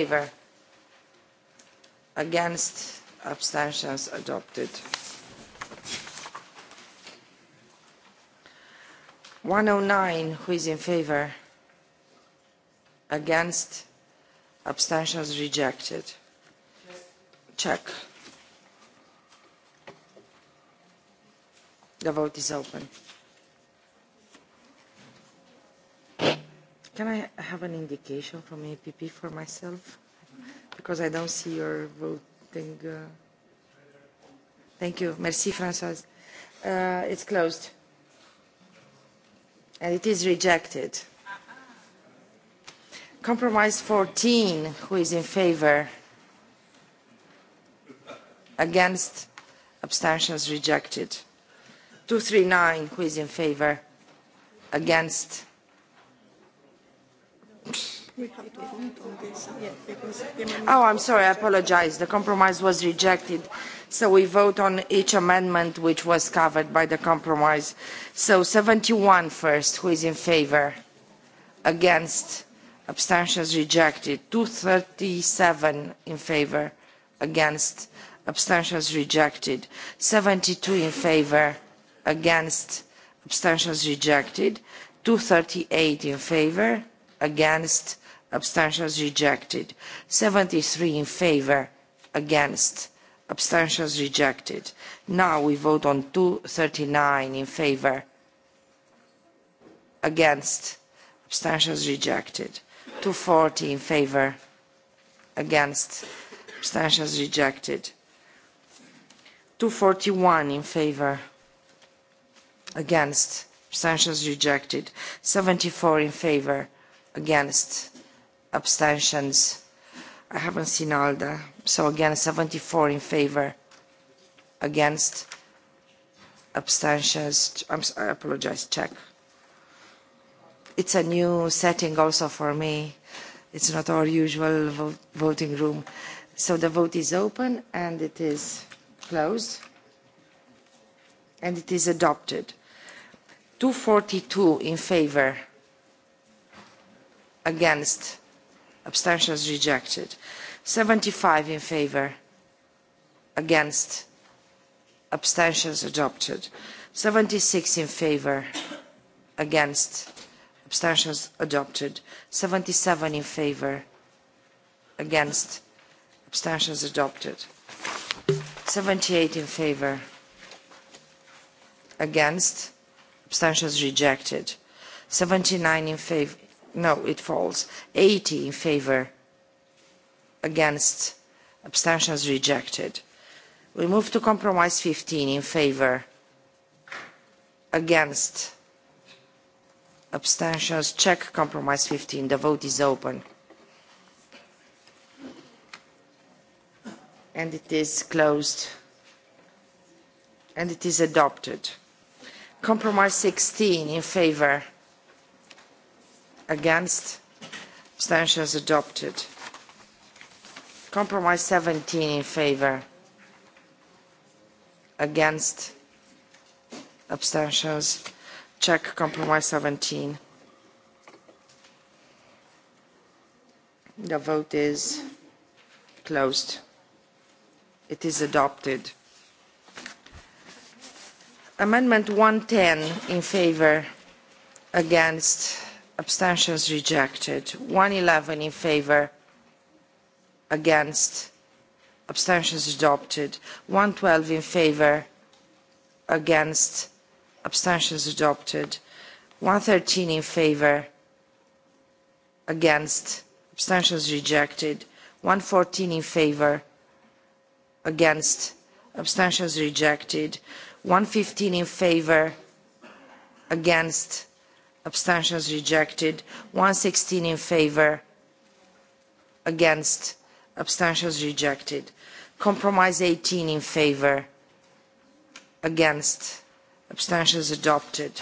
favor against abstentions adopted 109 who is in favor against abstentions rejected check the vote is open Can I have an indication from APP for myself? Because I don't see your voting. Uh... Thank you. Merci, Françoise. Uh, it's closed. And it is rejected. Compromise 14, who is in favor? Against? Abstentions rejected. 239, who is in favor? Against? Oh, I'm sorry, I apologize. The compromise was rejected. So we vote on each amendment which was covered by the compromise. So 71 first, who is in favor? Against? Abstentions rejected. 237 in favor. Against? Abstentions rejected. 72 in favor. Against? Abstentions rejected. 238 in favor against abstentions rejected 73 in favor against abstentions rejected now we vote on 239 in favor against abstentions rejected 240 in favor against abstentions rejected 241 in favor against abstentions rejected 74 in favor against abstentions I haven't seen all the so again 74 in favor against abstentions I'm, I apologize check it's a new setting also for me it's not our usual vo voting room so the vote is open and it is closed and it is adopted 242 in favor against abstentions rejected 75 in favor against abstentions adopted 76 in favor against abstentions adopted 77 in favor against abstentions adopted 78 in favor against abstentions rejected 79 in favor no, it falls. 80 in favor, against, abstentions rejected. We move to compromise 15 in favor, against, abstentions. Check compromise 15. The vote is open. And it is closed. And it is adopted. Compromise 16 in favor, against, against abstentions adopted compromise 17 in favor against abstentions check compromise 17 the vote is closed it is adopted amendment 110 in favor against abstentions rejected 111 in favor against abstentions adopted 112 in favor against abstentions adopted 113 in favor against abstentions rejected 114 in favor against abstentions rejected 115 in favor against abstentions rejected 116 in favor against abstentions rejected compromise 18 in favor against abstentions adopted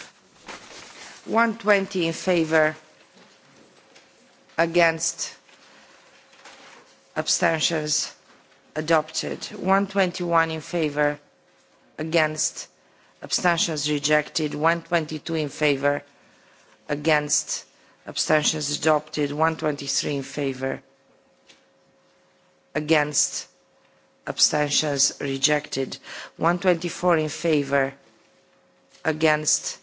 120 in favor against abstentions adopted 121 in favor against abstentions rejected 122 in favor against against abstentions adopted 123 in favor against abstentions rejected 124 in favor against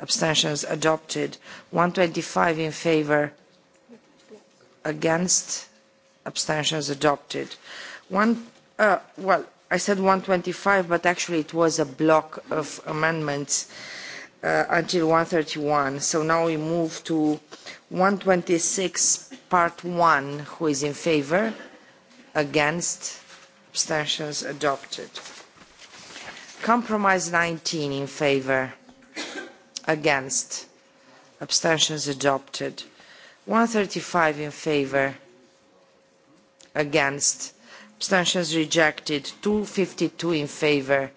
abstentions adopted 125 in favor against abstentions adopted one uh, well I said 125 but actually it was a block of amendments uh, until 131. So now we move to 126, part 1. Who is in favour? Against? Abstentions adopted. Compromise 19 in favour. Against? Abstentions adopted. 135 in favour. Against? Abstentions rejected. 252 in favour.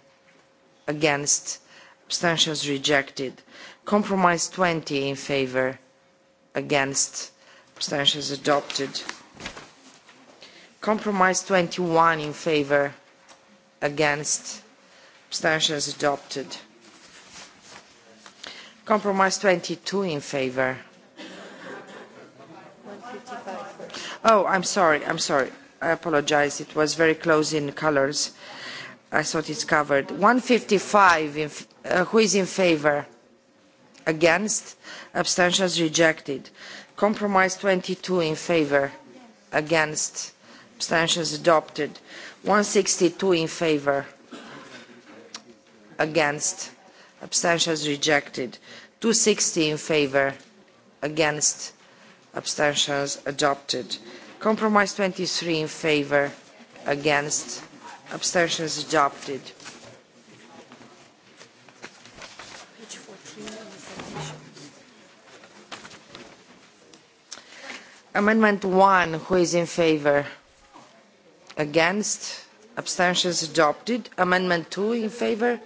Against? abstentions rejected. Compromise 20 in favor, against, abstentions adopted. Compromise 21 in favor, against, abstentions adopted. Compromise 22 in favor. Oh, I'm sorry, I'm sorry. I apologize. It was very close in colors. I thought it's covered. 155 in who is in favor? Against? Abstentions rejected. Compromise 22 in favor? Against? Abstentions adopted. 162 in favor? Against? Abstentions rejected. 260 in favor? Against? Abstentions adopted. Compromise 23 in favor? Against? Abstentions adopted. Amendment one, who is in favor? Against? Abstentions adopted. Amendment two in favor?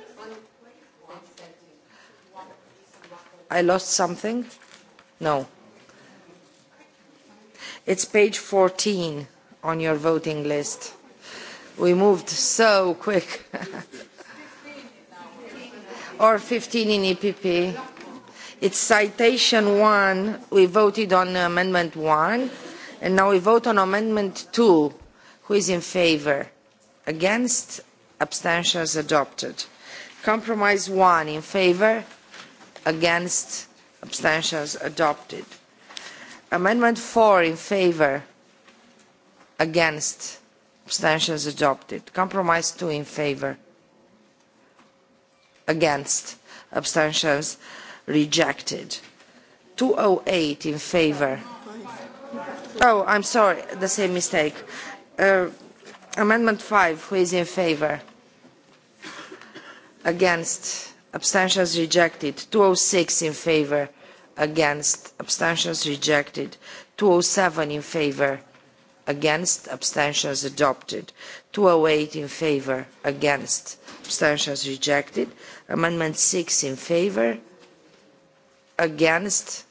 I lost something? No. It's page 14 on your voting list. We moved so quick. or 15 in EPP. It's citation one. We voted on amendment one, and now we vote on amendment two. Who is in favor? Against? Abstentions adopted. Compromise one in favor? Against? Abstentions adopted. Amendment four in favor? Against? Abstentions adopted. Compromise two in favor? Against? Abstentions adopted rejected. 208 in favor. Oh, I'm sorry, the same mistake. Uh, amendment 5, who is in favor? Against. Abstentions rejected. 206 in favor. Against. Abstentions rejected. 207 in favor against abstentions adopted Two eight in favour against abstentions rejected amendment six in favour against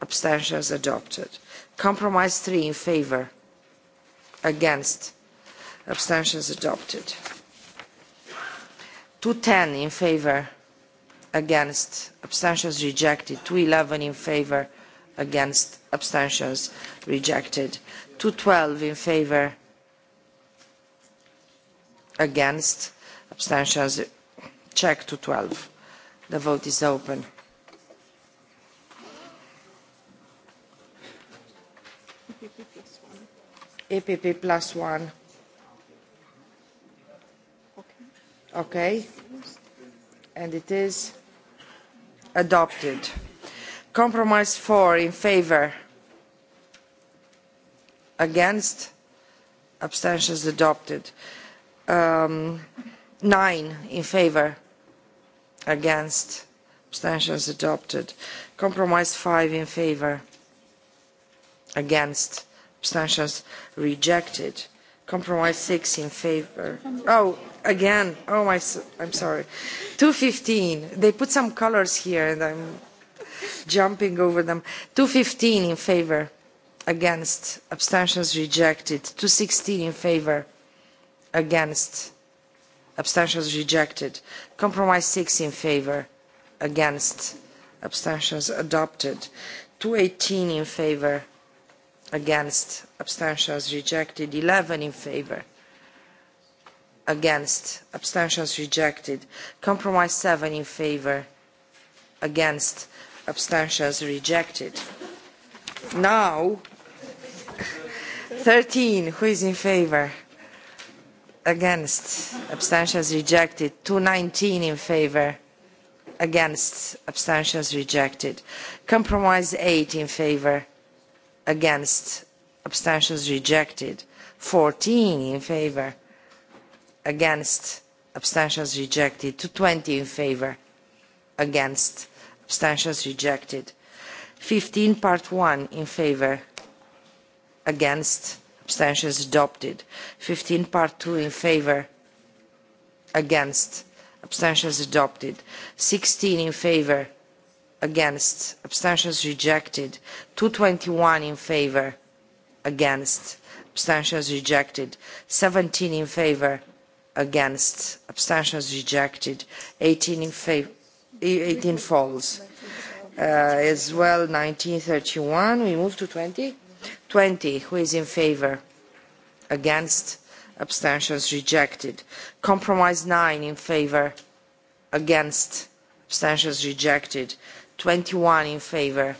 abstentions adopted compromise three in favour against abstentions adopted 210 in favour against abstentions rejected 211 in favour against abstentions rejected 212 in favour against abstentions check 212 the vote is open EPP plus one. Okay. And it is adopted. Compromise four in favor. Against. Abstentions adopted. nine in favor. Against. Abstentions adopted. Compromise five in favor. Against abstentions rejected compromise six in favor oh again oh my i'm sorry 215 they put some colors here and i'm jumping over them 215 in favor against abstentions rejected 216 in favor against abstentions rejected compromise six in favor against abstentions adopted 218 in favor against abstentions rejected 11 in favor against abstentions rejected compromise 7 in favor against abstentions rejected now 13 who is in favor against abstentions rejected 219 in favor against abstentions rejected compromise 8 in favor against abstentions rejected 14 in favor against abstentions rejected to 20 in favor against abstentions rejected 15 part 1 in favor against abstentions adopted 15 part 2 in favor against abstentions adopted 16 in favor against against abstentions rejected 221 in favor against abstentions rejected 17 in favor against abstentions rejected 18 in favor 18 falls uh, as well 1931 we move to 20 20 who is in favor against abstentions rejected compromise 9 in favor against abstentions rejected 21 in favor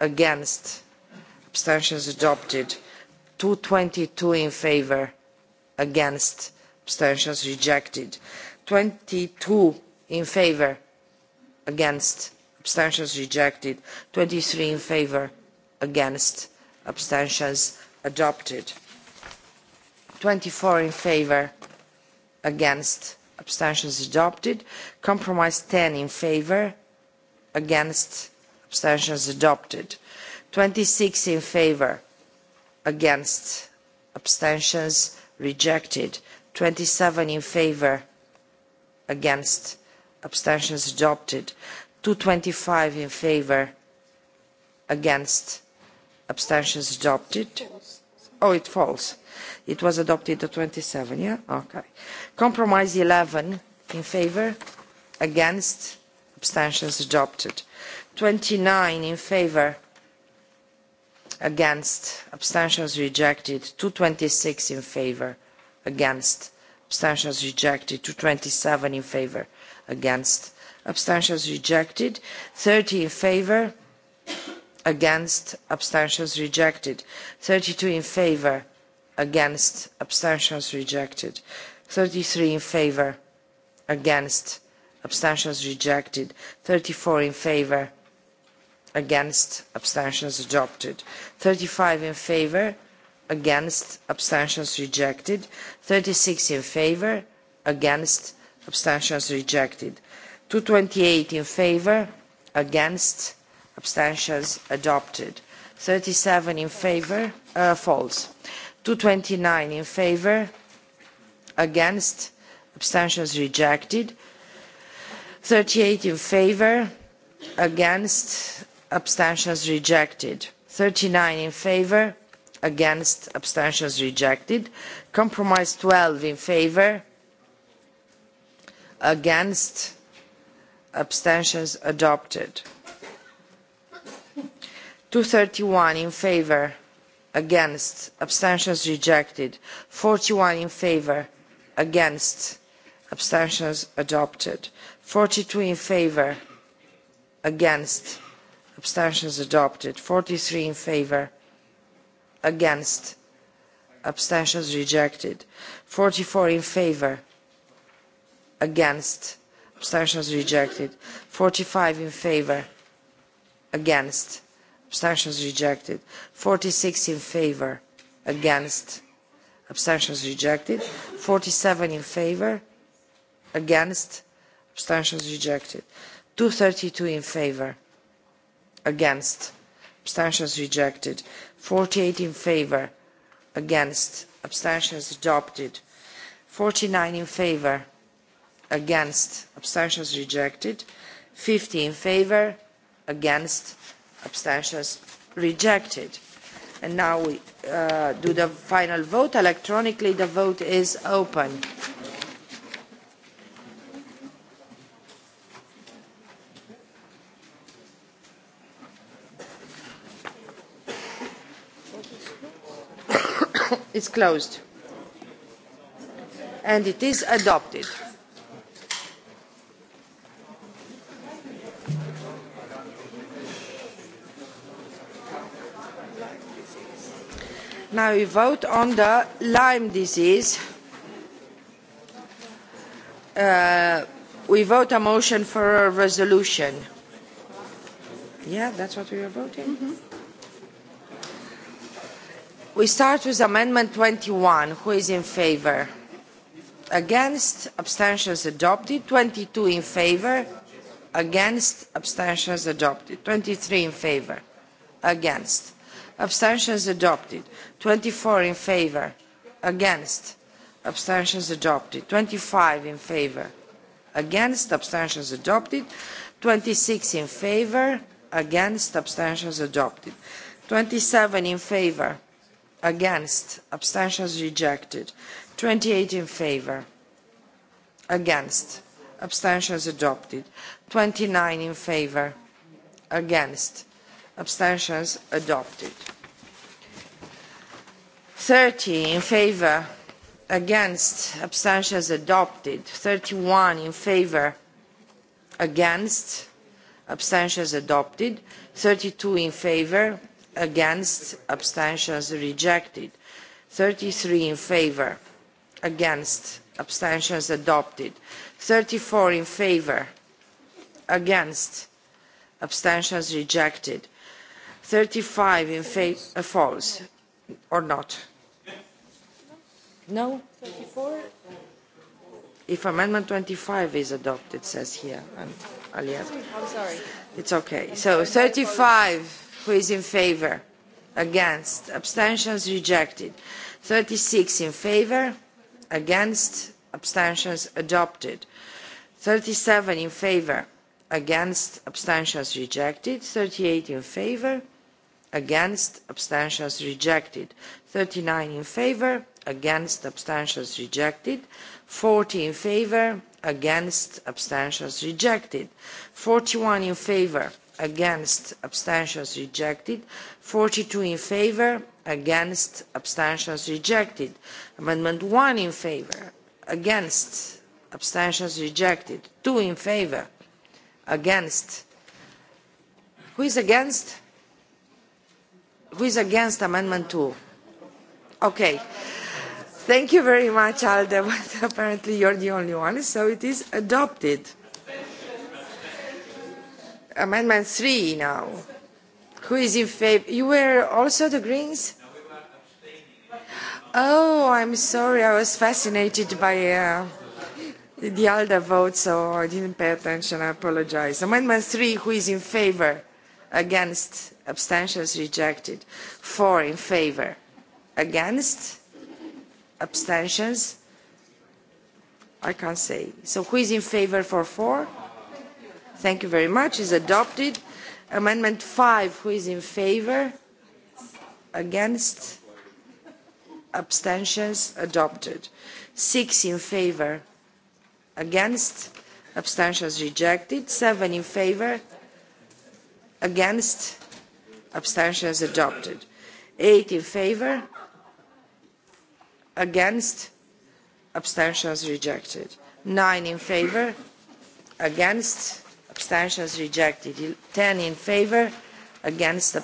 against abstentions adopted 222 in favor against abstentions rejected 22 in favor against abstentions rejected 23 in favor against abstentions adopted 24 in favor against abstentions adopted. Compromise 10 in favor, against, abstentions adopted. 26 in favor, against, abstentions rejected. 27 in favor, against, abstentions adopted. 225 in favor, against, abstentions adopted. Oh, it falls. It was adopted at 27, yeah? Okay. Compromise eleven in favour, against, abstentions adopted. Twenty nine in favour, against, abstentions rejected. Two twenty six in favour, against, abstentions rejected. Two twenty seven in favour, against, abstentions rejected. Thirty in favour, against, abstentions rejected. Thirty two in favour, against, abstentions rejected. 33 in favour. against abstentions rejected 34 in favour. against abstentions adopted 35 in favour. against abstentions rejected 36 in favour. against abstentions rejected 228 in favour. against abstentions adopted 37 in favor uh, false 229 in favour against abstentions rejected 38 in favor against abstentions rejected 39 in favor against abstentions rejected compromise 12 in favor against abstentions adopted 231 in favor against abstentions rejected 41 in favor against abstentions adopted Forty two in favour. against abstentions adopted Forty three in favour. against abstentions rejected Forty four in favour. against abstentions rejected Forty five in favour. against abstentions rejected Forty six in favour. against abstentions rejected. Forty seven in favour, against, abstentions rejected. Two thirty two in favour, against, abstentions rejected. Forty eight in favour, against, abstentions adopted. Forty nine in favour, against, abstentions rejected. Fifty in favour, against, abstentions rejected And now we uh, do the final vote electronically. The vote is open. It's closed. And it is adopted. Now we vote on the Lyme disease. Uh, we vote a motion for a resolution. Yeah, that's what we are voting. Mm-hmm. We start with Amendment 21. Who is in favor? Against? Abstentions adopted. 22 in favor. Against? Abstentions adopted. 23 in favor. Against? abstentions adopted. Twenty four in favour, against, abstentions adopted. Twenty five in favour, against, abstentions adopted. Twenty six in favour, against, abstentions adopted. Twenty seven in favour, against, abstentions rejected. Twenty eight in favour, against, abstentions adopted. Twenty nine in favour, against, abstentions adopted 30 in favor against abstentions adopted 31 in favor against abstentions adopted 32 in favor against abstentions rejected 33 in favor against abstentions adopted 34 in favor against abstentions rejected 35 in favor, uh, false or not? No? 34? If Amendment 25 is adopted, says here, and Aliyev. I'm sorry. It's okay. So 35, who is in favor? Against? Abstentions rejected. 36 in favor? Against? Abstentions adopted. 37 in favor? Against? Abstentions rejected. 38 in favor? against abstentions rejected 39 in favor against abstentions rejected 40 in favor against abstentions rejected 41 in favor against abstentions rejected 42 in favor against abstentions rejected amendment 1 in favor against abstentions rejected 2 in favor against who is against Who is against Amendment two? Okay. Thank you very much, Alde, but apparently you're the only one, so it is adopted. Amendment three now. Who is in favor? You were also the Greens? Oh, I'm sorry, I was fascinated by uh, the ALDA vote, so I didn't pay attention, I apologize. Amendment 3, who is in favor? Against? abstentions rejected. Four in favor, against, abstentions. I can't say. So who is in favor for four? Thank you very much. Is adopted. Amendment five. Who is in favor? Against? Abstentions? Adopted. Six in favor. Against? Abstentions rejected. Seven in favor. Against? is adopted. Eight in favor, against, is rejected. Nine in favor, against, is rejected. Ten in favor, against,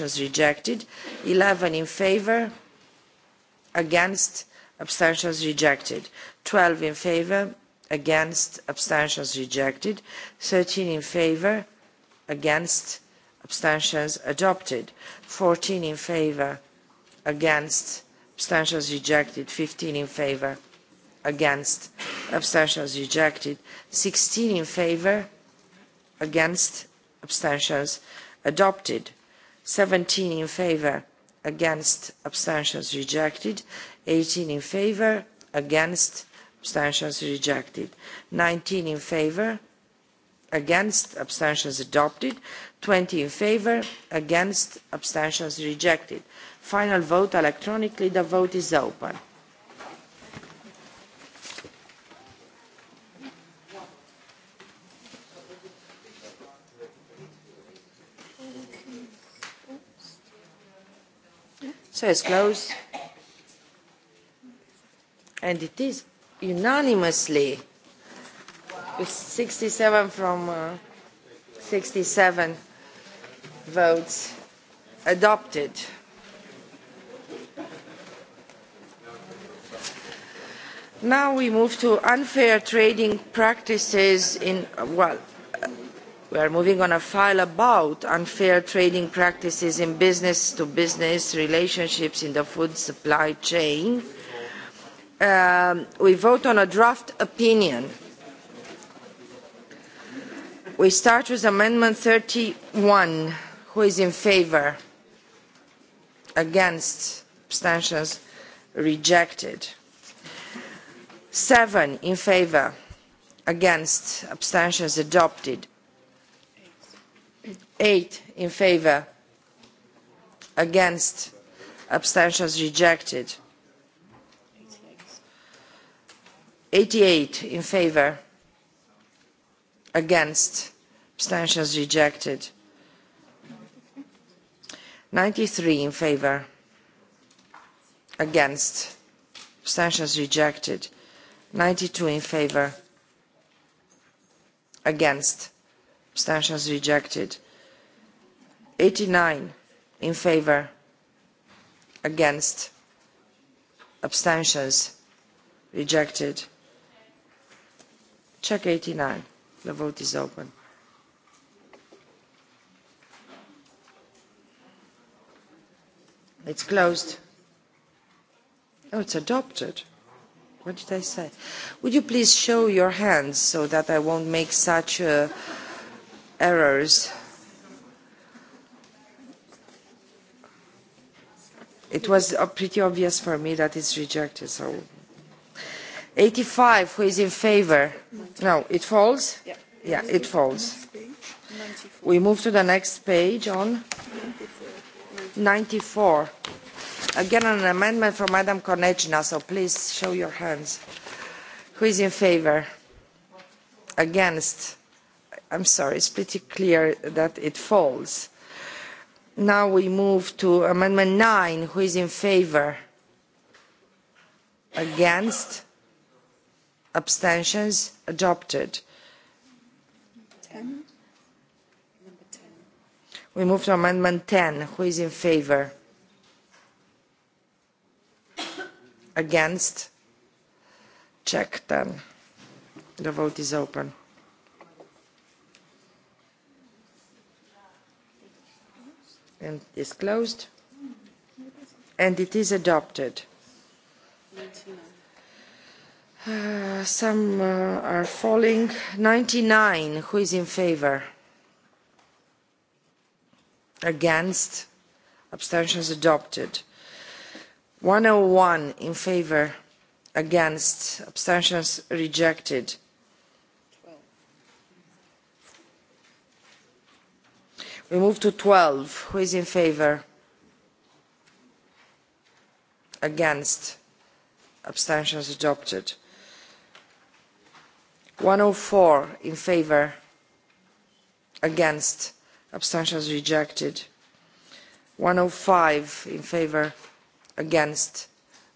is rejected. Eleven in favor, against, is rejected. Twelve in favor, against, is rejected. Thirteen in favor, against, abstentions adopted 14 in favor against abstentions rejected 15 in favor against abstentions rejected 16 in favor against abstentions adopted 17 in favor against abstentions rejected 18 in favor against abstentions rejected 19 in favor against abstentions adopted 20 in favour, against, abstentions rejected. Final vote electronically. The vote is open. So it's closed. And it is unanimously with 67 from uh, 67 votes adopted. Now we move to unfair trading practices in, well, we are moving on a file about unfair trading practices in business-to-business relationships in the food supply chain. Um, we vote on a draft opinion. We start with Amendment 31. Who is in favor? Against? Abstentions? Rejected. Seven in favor? Against? Abstentions? Adopted. Eight in favor? Against? Abstentions? Rejected. 88 in favor against abstentions rejected 93 in favor against abstentions rejected 92 in favor against abstentions rejected 89 in favor against abstentions rejected check 89 the vote is open It's closed. Oh, it's adopted. What did I say? Would you please show your hands so that I won't make such uh, errors? It was uh, pretty obvious for me that it's rejected, so... 85, who is in favor? No, it falls? Yeah, yeah it falls. We move to the next page on... 94. 94. Again, an amendment from Madam Konechna, so please show your hands. Who is in favor? Against? I'm sorry, it's pretty clear that it falls. Now we move to Amendment 9. Who is in favor? Against? Abstentions? Adopted. 10. We move to amendment 10. Who is in favor? Against? Check then. The vote is open. And is closed. And it is adopted. Uh, some uh, are falling. 99. Who is in favor? against abstentions adopted 101 in favor against abstentions rejected we move to 12 who is in favor against abstentions adopted 104 in favor against abstentions rejected. 105 in favor, against,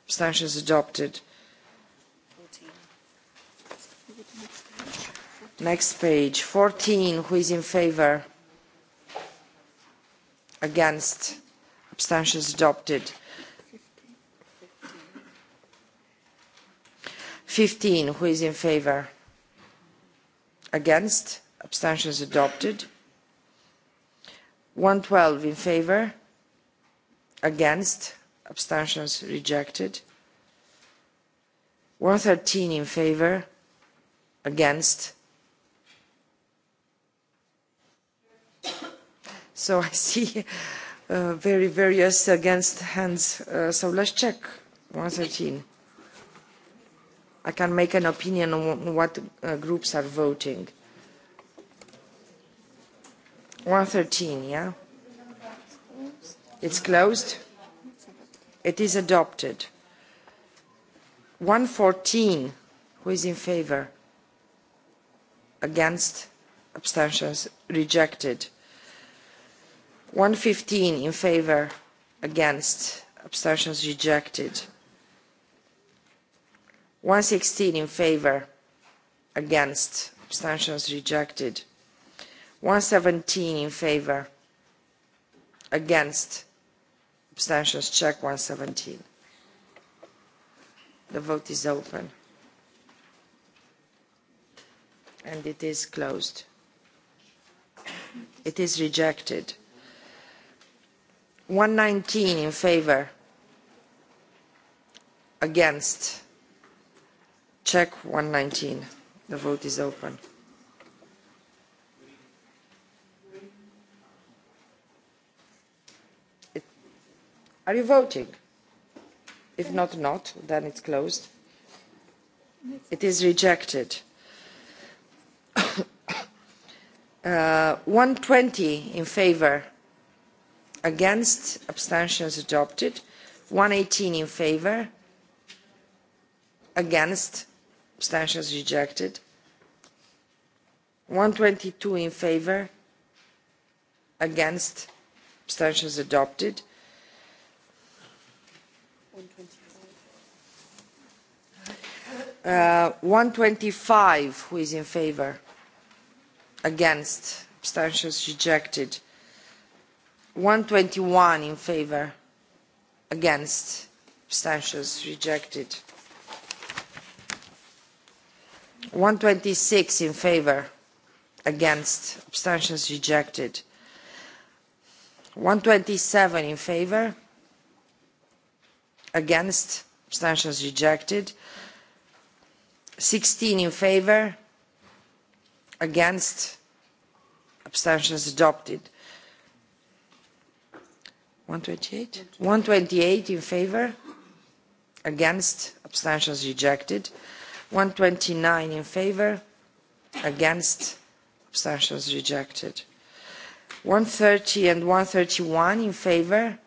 abstentions adopted. Next page, 14, who is in favor? Against, abstentions adopted. 15, who is in favor? Against, abstentions adopted. 112 in favor, against, abstentions rejected. 113 in favor, against. So I see uh, very various against hands. Uh, so let's check 113. I can make an opinion on what uh, groups are voting. 113, yeah? It's closed. It is adopted. 114, who is in favor? Against? Abstentions? Rejected. 115, in favor? Against? Abstentions? Rejected. 116, in favor? Against? Abstentions? Rejected. 117 in favor against abstentions check 117 the vote is open and it is closed it is rejected 119 in favor against check 119 the vote is open Are you voting? If not, not, then it's closed. It is rejected. uh, 120 in favor, against, abstentions adopted. 118 in favor, against, abstentions rejected. 122 in favor, against, abstentions adopted. Uh, 125, who is in favor? Against. Abstentions rejected. 121 in favor. Against. Abstentions rejected. 126 in favor. Against. Abstentions rejected. 127 in favor. Against. Abstentions rejected. 16 in favor against abstentions adopted 128 128 in favor against abstentions rejected 129 in favor against abstentions rejected 130 and 131 in favor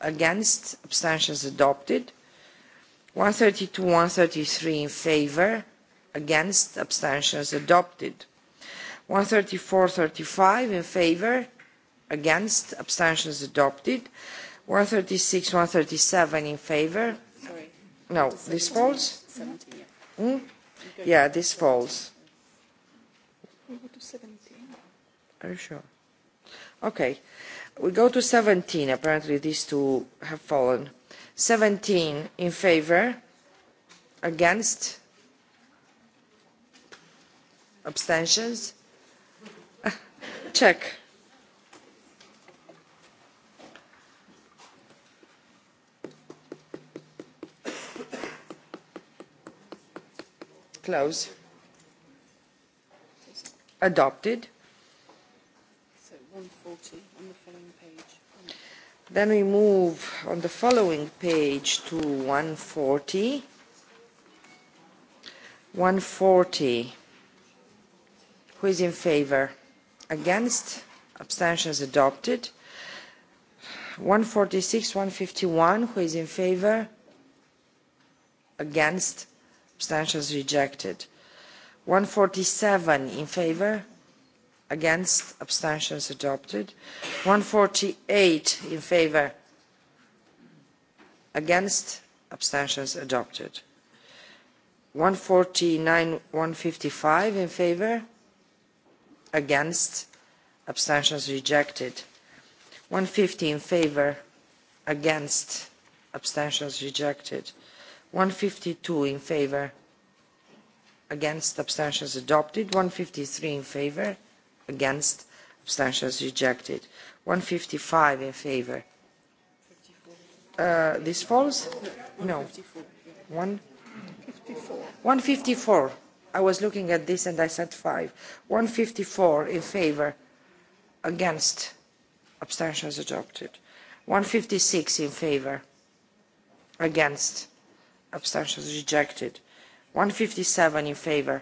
against abstentions adopted 132, 133 in favor, against, abstentions adopted. 134, 35 in favor, against, abstentions adopted. 136, 137 in favor. Sorry. No, this falls? 70, yeah. Hmm? Yeah, this falls. We go to 17. Are you sure? Okay. We go to 17. Apparently these two have fallen. 17 in favor, against, abstentions. Check. Close. Adopted. Then we move on the following page to 140. 140. Who is in favor? Against? Abstentions adopted. 146, 151. Who is in favor? Against? Abstentions rejected. 147 in favor? against abstentions adopted 148 in favor against abstentions adopted 149 155 in favor against abstentions rejected 150 in favor against abstentions rejected 152 in favor against abstentions adopted 153 in favor against abstentions rejected 155 in favor uh, this falls no 154 I was looking at this and I said five 154 in favor against abstentions adopted 156 in favor against abstentions rejected 157 in favor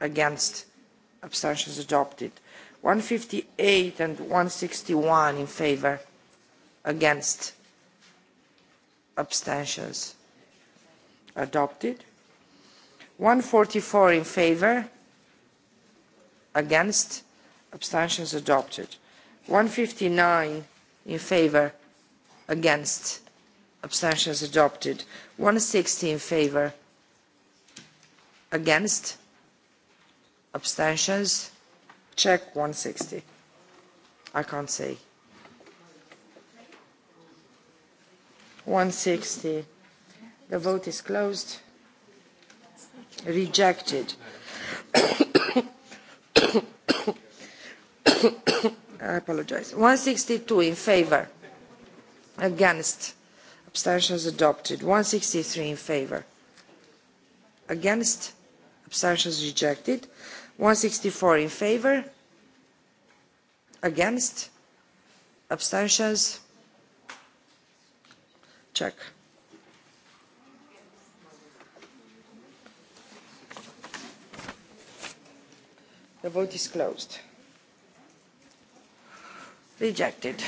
against rejected abstentions adopted. 158 and 161 in favor, against, abstentions adopted. 144 in favor, against, abstentions adopted. 159 in favor, against, abstentions adopted. 160 in favor, against, abstentions check 160 i can't see 160 the vote is closed rejected i apologize 162 in favor against abstentions adopted 163 in favor against abstentions rejected 164 in favor against abstentions check the vote is closed rejected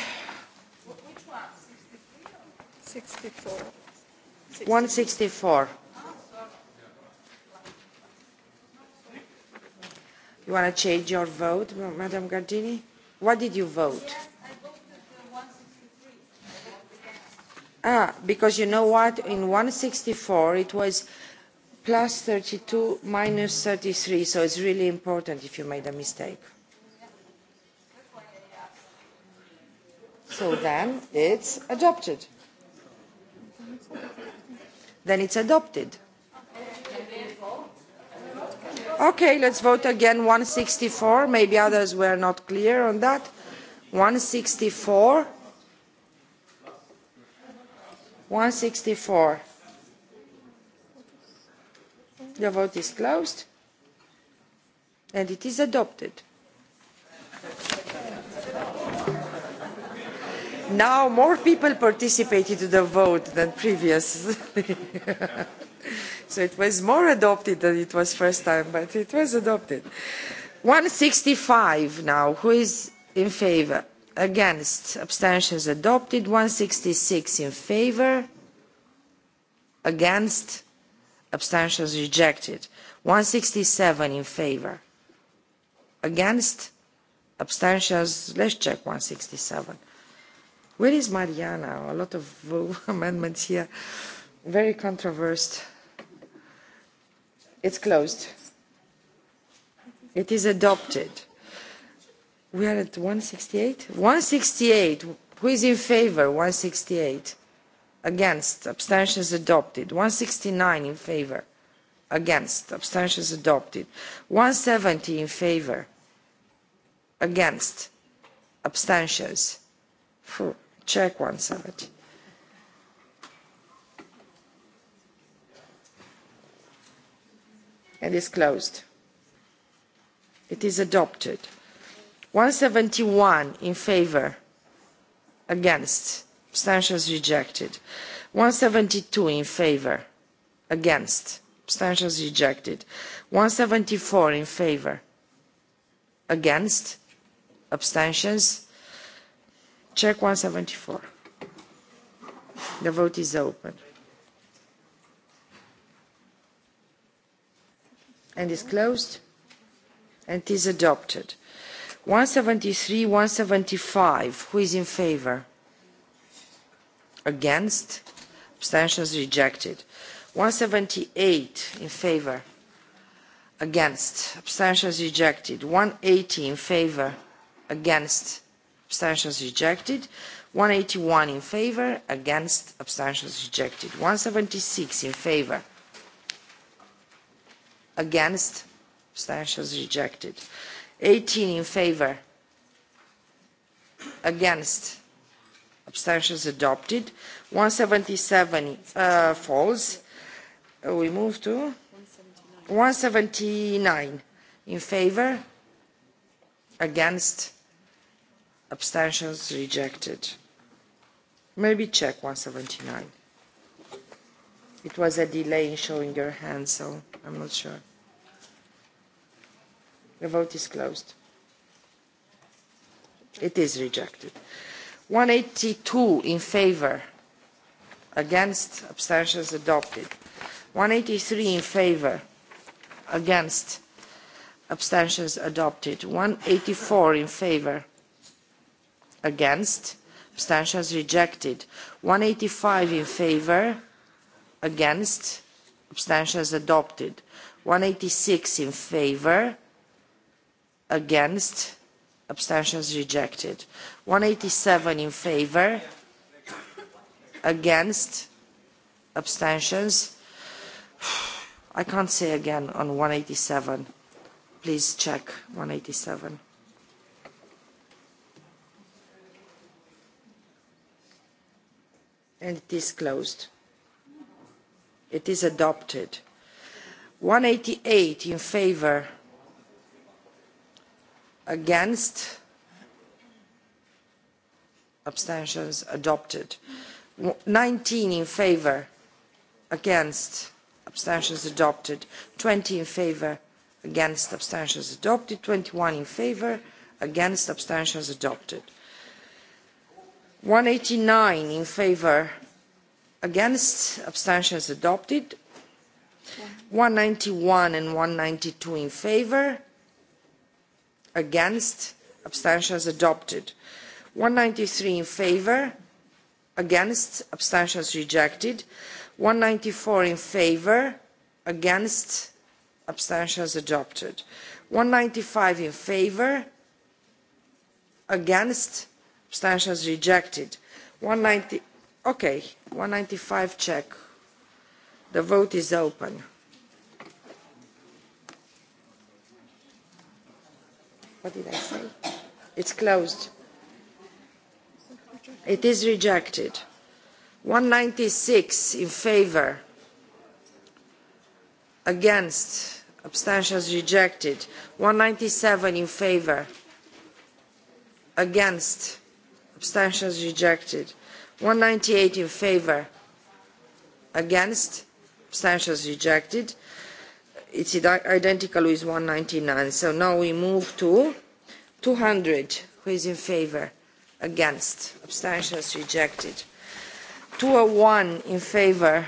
one? 164 You want to change your vote, Madam Gardini? What did you vote? Ah, because you know what? In 164, it was plus 32 minus 33, so it's really important if you made a mistake. So then it's adopted. Then it's adopted. Okay, let's vote again 164. Maybe others were not clear on that. 164. 164. The vote is closed. And it is adopted. Now more people participated in the vote than previously. So it was more adopted than it was first time, but it was adopted. 165 now. Who is in favor? Against. Abstentions adopted. 166 in favor. Against. Abstentions rejected. 167 in favor. Against. Abstentions. Let's check 167. Where is Mariana? A lot of amendments here. Very controversial. It's closed. It is adopted. We are at 168. 168. Who is in favor? 168. Against. Abstentions adopted. 169 in favor. Against. Abstentions adopted. 170 in favor. Against. Abstentions. Check 170. and is closed. It is adopted. 171 in favor, against, abstentions rejected. 172 in favor, against, abstentions rejected. 174 in favor, against, abstentions. Check 174. The vote is open. and is closed and is adopted. One one seventy three, seventy five. who is in favor? Against? Abstentions rejected. One seventy-eight in favor. Against? Abstentions rejected. 180 in favor. Against? Abstentions rejected. 181 in favor. Against? Abstentions rejected. 176 in favor against abstentions rejected 18 in favor against abstentions adopted 177 uh, falls we move to 179 in favor against abstentions rejected maybe check 179 it was a delay in showing your hand so i'm not sure The vote is closed. It is rejected. 182 in favor, against, abstentions adopted. 183 in favor, against, abstentions adopted. 184 in favor, against, abstentions rejected. 185 in favor, against, abstentions adopted. 186 in favor, against abstentions rejected 187 in favor against abstentions I can't say again on 187 please check 187 and it is closed it is adopted 188 in favor Against? Abstentions adopted. 19 in favor. Against? Abstentions adopted. 20 in favor. Against? Abstentions adopted. 21 in favor. Against? Abstentions adopted. 189 in favor. Against? Abstentions adopted. 191 and 192 in favor against abstentions adopted 193 in favor against abstentions rejected 194 in favor against abstentions adopted 195 in favor against abstentions rejected 190 okay 195 check the vote is open What did I say? It's closed. It is rejected. 196 in favor. Against. Abstentions rejected. 197 in favor. Against. Abstentions rejected. 198 in favor. Against. Abstentions rejected. It's identical with 199. So now we move to 200. Who is in favor? Against. Abstentions rejected. 201 in favor.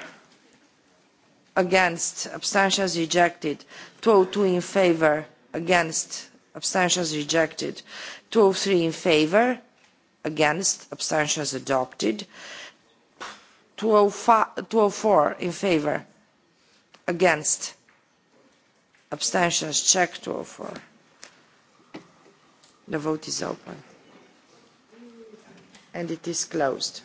Against. Abstentions rejected. 202 in favor. Against. Abstentions rejected. 203 in favor. Against. Abstentions adopted. 204 in favor. Against Abstentions. Check 204. The vote is open. And it is closed.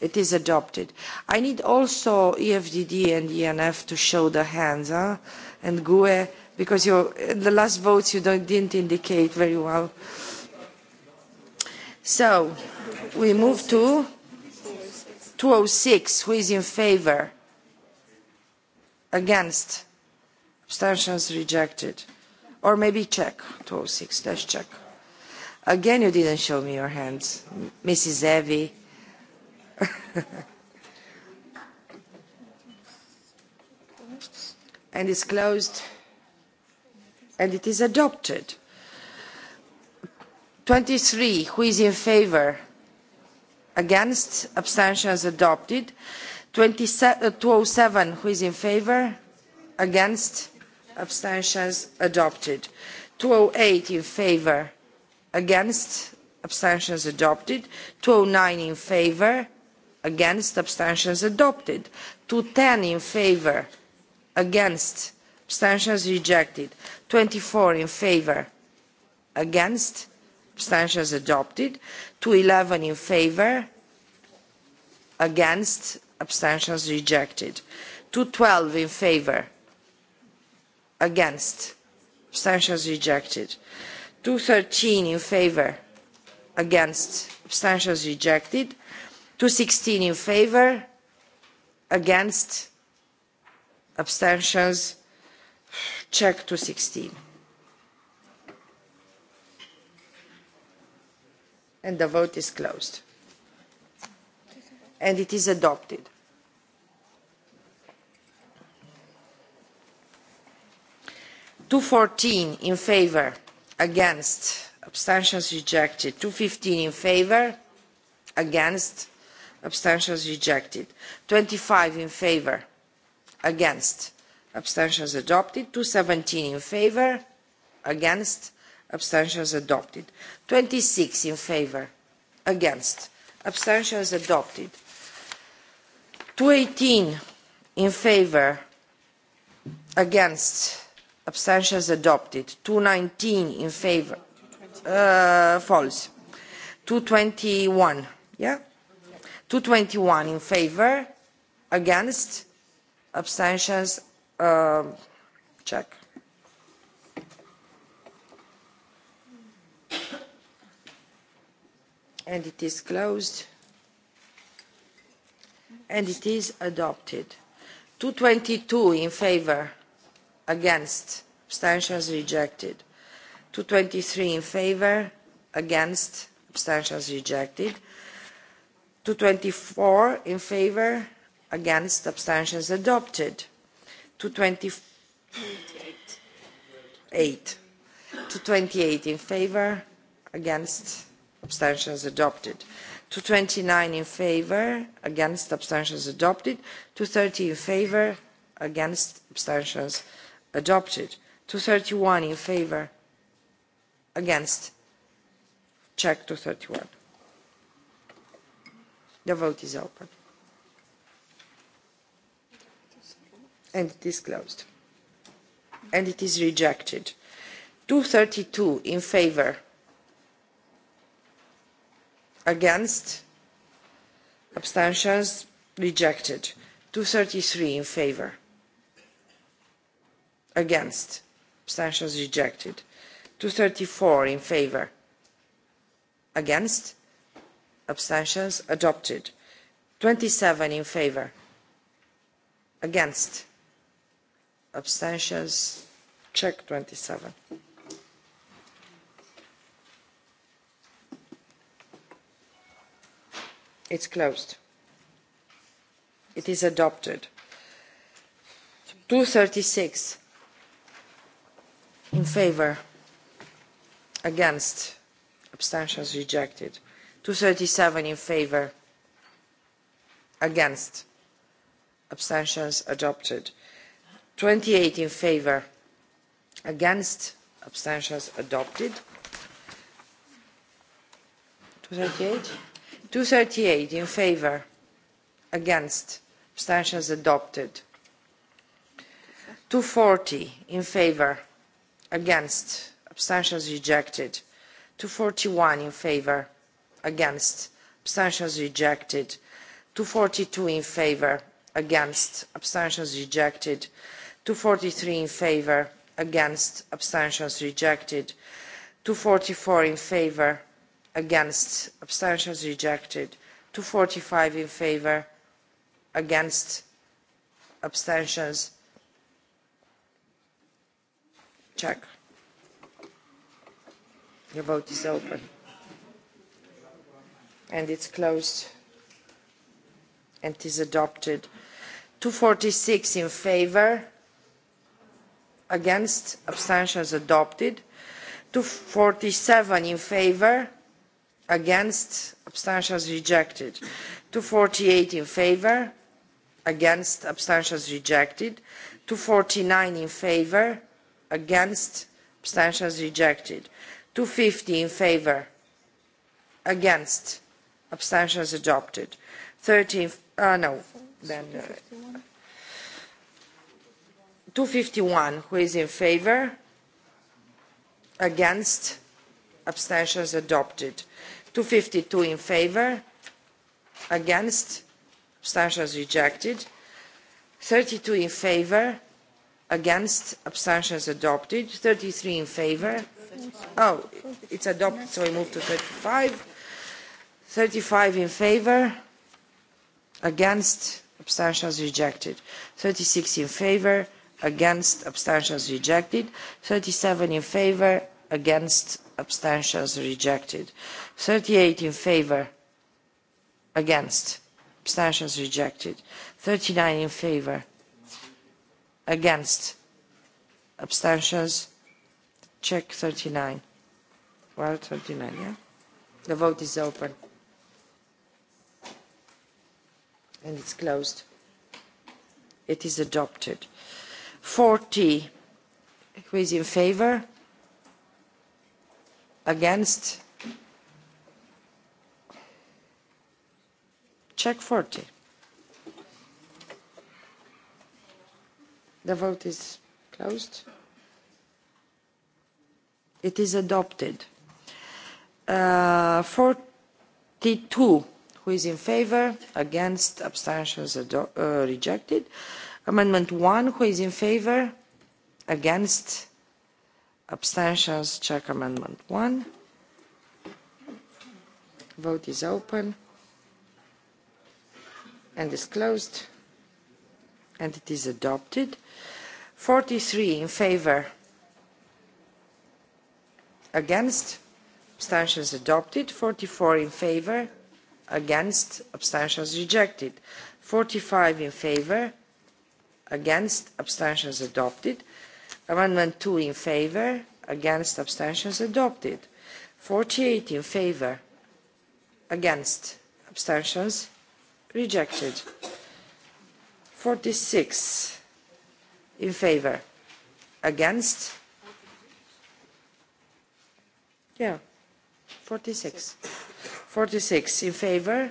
It is adopted. I need also EFDD and ENF to show the hands, huh? and GUE, because you're, in the last votes you don't, didn't indicate very well. So we move to 206. Who is in favor? Against? abstentions rejected or maybe check 206 let's check again you didn't show me your hands mrs Evi and it's closed and it is adopted 23 who is in favor against abstentions adopted 207 who is in favor against abstentions adopted. 208 in favor, against, abstentions adopted. 209 in favor, against, abstentions adopted. 210 in favor, against, abstentions rejected. 24 in favor, against, abstentions adopted. 211 in favor, against, abstentions rejected. 212 in favor, against abstentions rejected 213 in favor against abstentions rejected 216 in favor against abstentions check 216 and the vote is closed and it is adopted 214 in favour against abstentions rejected 215 in favour against abstentions rejected 25 in favour against abstentions adopted 217 in favour against abstentions adopted 26 in favour against abstentions adopted 218 in favour against abstentions adopted. 219 in favor. Uh, false. 221. Yeah? 221 in favor. Against. Abstentions. Uh, check. And it is closed. And it is adopted. 222 in favor against abstentions rejected 223 in favor against abstentions rejected 224 in favor against abstentions adopted 228 228 in favor against abstentions adopted 229 in favor against abstentions adopted 230 in favor against abstentions adopted 231 in favor against check 231 the vote is open and it is closed and it is rejected 232 in favor against abstentions rejected 233 in favor against abstentions rejected 234 in favor against abstentions adopted 27 in favor against abstentions check 27 it's closed it is adopted 236 in favor against abstentions rejected 237 in favor against abstentions adopted 28 in favor against abstentions adopted 238 238 in favor against abstentions adopted 240 in favor against abstentions rejected 241 in favor against abstentions rejected 242 in favor against abstentions rejected 243 in favor against abstentions rejected 244 in favor against abstentions rejected 245 in favor against abstentions Check. The vote is open. And it's closed. And is adopted. 246 in favor. Against. Abstentions adopted. 247 in favor. Against. Abstentions rejected. 248 in favor. Against. Abstentions rejected. 249 in favor against abstentions rejected 250 in favor against abstentions adopted 13 uh, no then uh, 251 who is in favor against abstentions adopted 252 in favor against abstentions rejected 32 in favor against abstentions adopted 33 in favor oh it's adopted so we move to 35 35 in favor against abstentions rejected 36 in favor against abstentions rejected 37 in favor against abstentions rejected 38 in favor against abstentions rejected 39 in favor Against? Abstentions? Check 39. Well, 39, yeah? The vote is open. And it's closed. It is adopted. 40. Who is in favor? Against? Check 40. The vote is closed. It is adopted. Uh, 42. Who is in favor? Against? Abstentions uh, rejected. Amendment 1. Who is in favor? Against? Abstentions. Check Amendment 1. Vote is open and is closed and it is adopted. 43 in favor, against, abstentions adopted. 44 in favor, against, abstentions rejected. 45 in favor, against, abstentions adopted. Amendment 2 in favor, against, abstentions adopted. 48 in favor, against, abstentions rejected. 46 in favor against yeah 46 46 in favor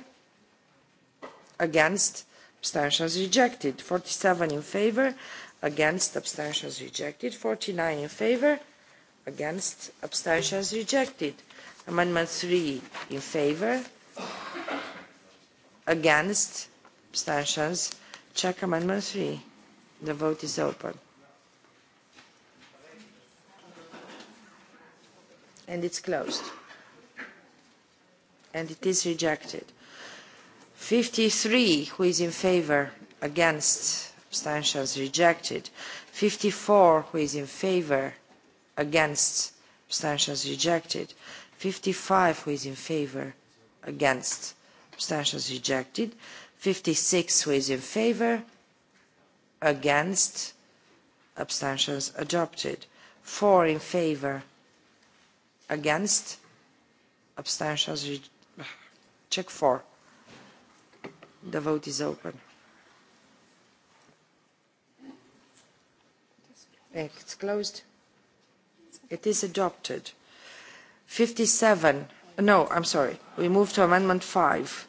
against abstentions rejected 47 in favor against abstentions rejected 49 in favor against abstentions rejected amendment 3 in favor against abstentions rejected check amendment three. The vote is open. And it's closed. And it is rejected. 53, who is in favor, against, abstentions rejected. 54, who is in favor, against, abstentions rejected. 55, who is in favor, against, abstentions rejected. 56 who is in favor against abstentions adopted 4 in favor against abstentions check 4 the vote is open it's closed it is adopted 57 no i'm sorry we move to amendment 5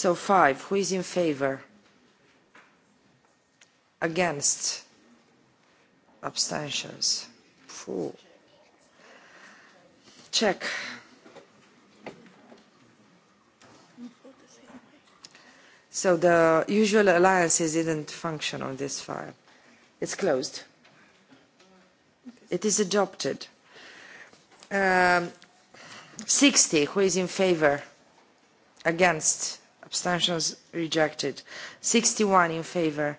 So five, who is in favor? Against? Abstentions? Four. Check. So the usual alliances didn't function on this file. It's closed. It is adopted. Um, 60, who is in favor? Against? abstentions rejected. 61 in favor,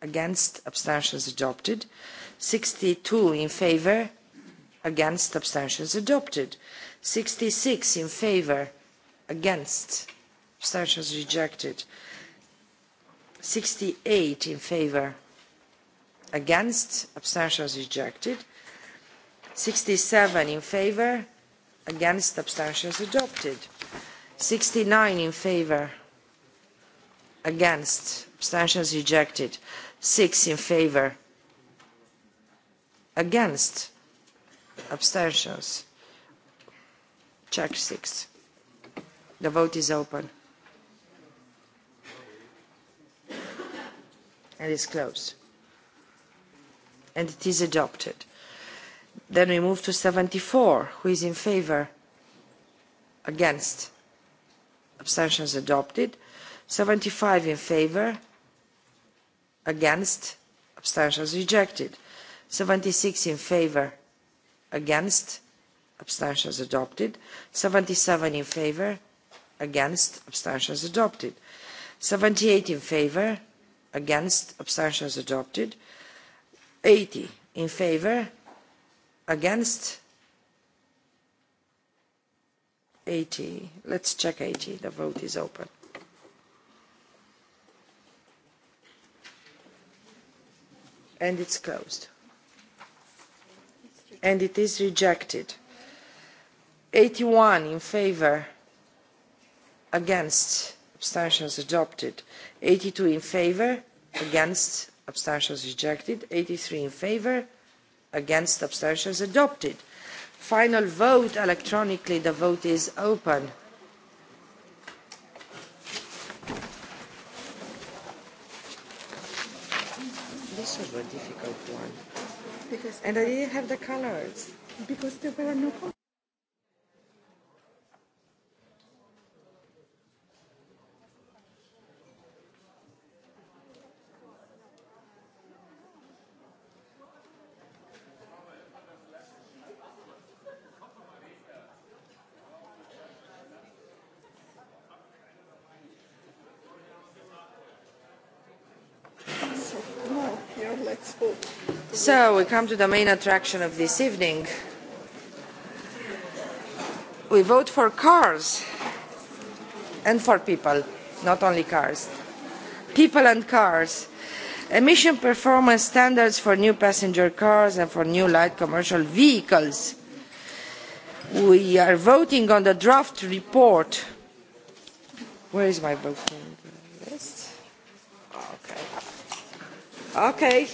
against, abstentions adopted. 62 in favor, against, abstentions adopted. 66 in favor, against, abstentions rejected. 68 in favor, against, abstentions rejected. 67 in favor, against, abstentions adopted. 69 in favor against abstentions rejected 6 in favor against abstentions check 6 the vote is open and is closed and it is adopted then we move to 74 who is in favor against abstentions adopted. 75 in favor, against, abstentions rejected. 76 in favor, against, abstentions adopted. 77 in favor, against, abstentions adopted. 78 in favor, against, abstentions adopted. 80 in favor, against, 80. Let's check 80. The vote is open. it's closed. it is rejected. 81 in favor, against, abstentions adopted. 82 in favor, against, abstentions rejected. 83 in favor, against, abstentions adopted. Final vote electronically. The vote is open. This was a difficult one. Because and I didn't have the colors. Because there were no colors. So we come to the main attraction of this evening. We vote for cars and for people, not only cars. People and cars. Emission performance standards for new passenger cars and for new light commercial vehicles. We are voting on the draft report. Where is my voting list? Okay. Okay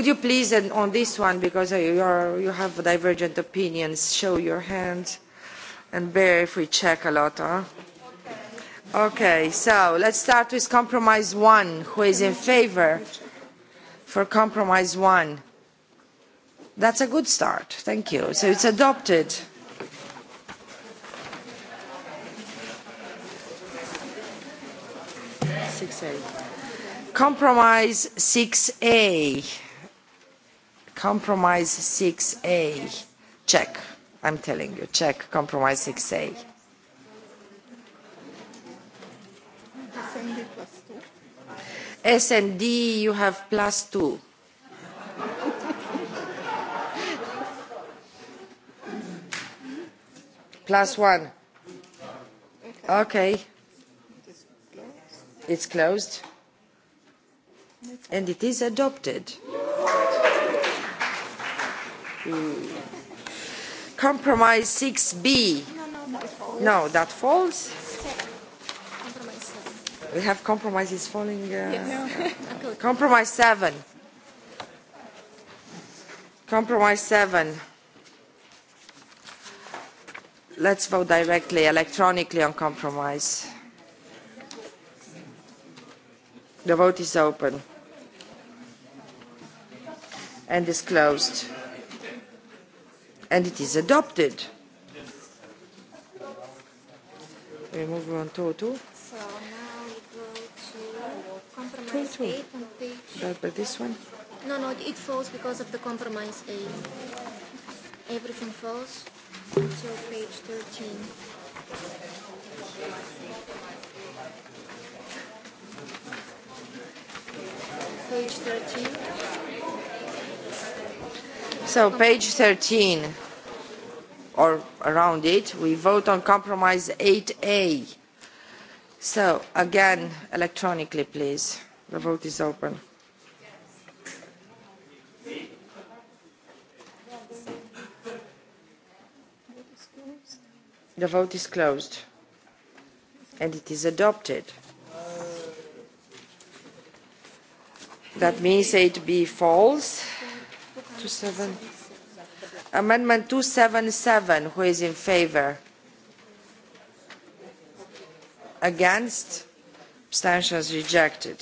Would you please, and on this one, because you, are, you have divergent opinions, show your hand and bear if we check a lot, huh? Okay, so let's start with compromise one. Who is in favor for compromise one? That's a good start. Thank you. So it's adopted. Six A. Compromise six A. Compromise 6A. Check. I'm telling you, check. Compromise 6A. S&D, you have plus two. plus one. Okay. It's closed. And it is adopted. Compromise 6B. No, no, that falls. We have compromises falling. Uh, yes. no. compromise 7. Compromise 7. Let's vote directly electronically on compromise. The vote is open and is closed and it is adopted. We move on to two. compromise two, two. on page. But, this one? No, no, it falls because of the compromise eight. Everything falls until page 13. Page 13. So page 13 or around it, we vote on compromise 8A. So again, electronically, please. The vote is open. The vote is closed. And it is adopted. That means 8B falls. 277. Amendment 277, who is in favor? Against? Abstentions rejected.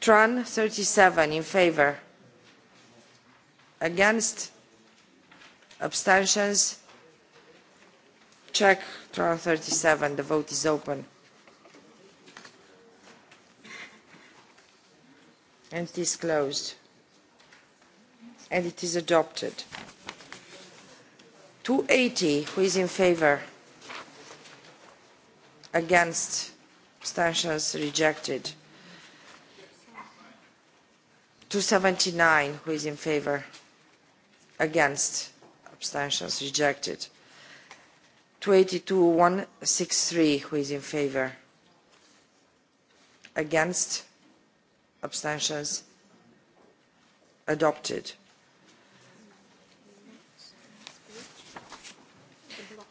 Tran 37 in favor. Against? Abstentions? Check Tran 37. The vote is open. And it is closed and it is adopted. 280, who is in favor? Against, abstentions rejected. 279, who is in favor? Against, abstentions rejected. 282, 163, who is in favor? Against, abstentions adopted.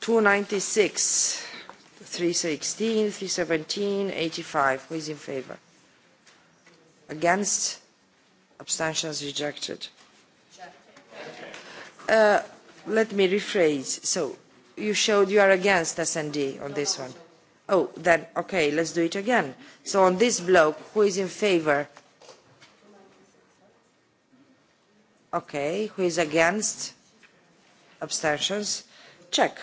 296, 316, 317, 85. Who is in favor? Against? Abstentions rejected. Uh, let me rephrase. So you showed you are against S&D on this one. Oh, then, okay, let's do it again. So on this block, who is in favor? Okay, who is against? Abstentions? check.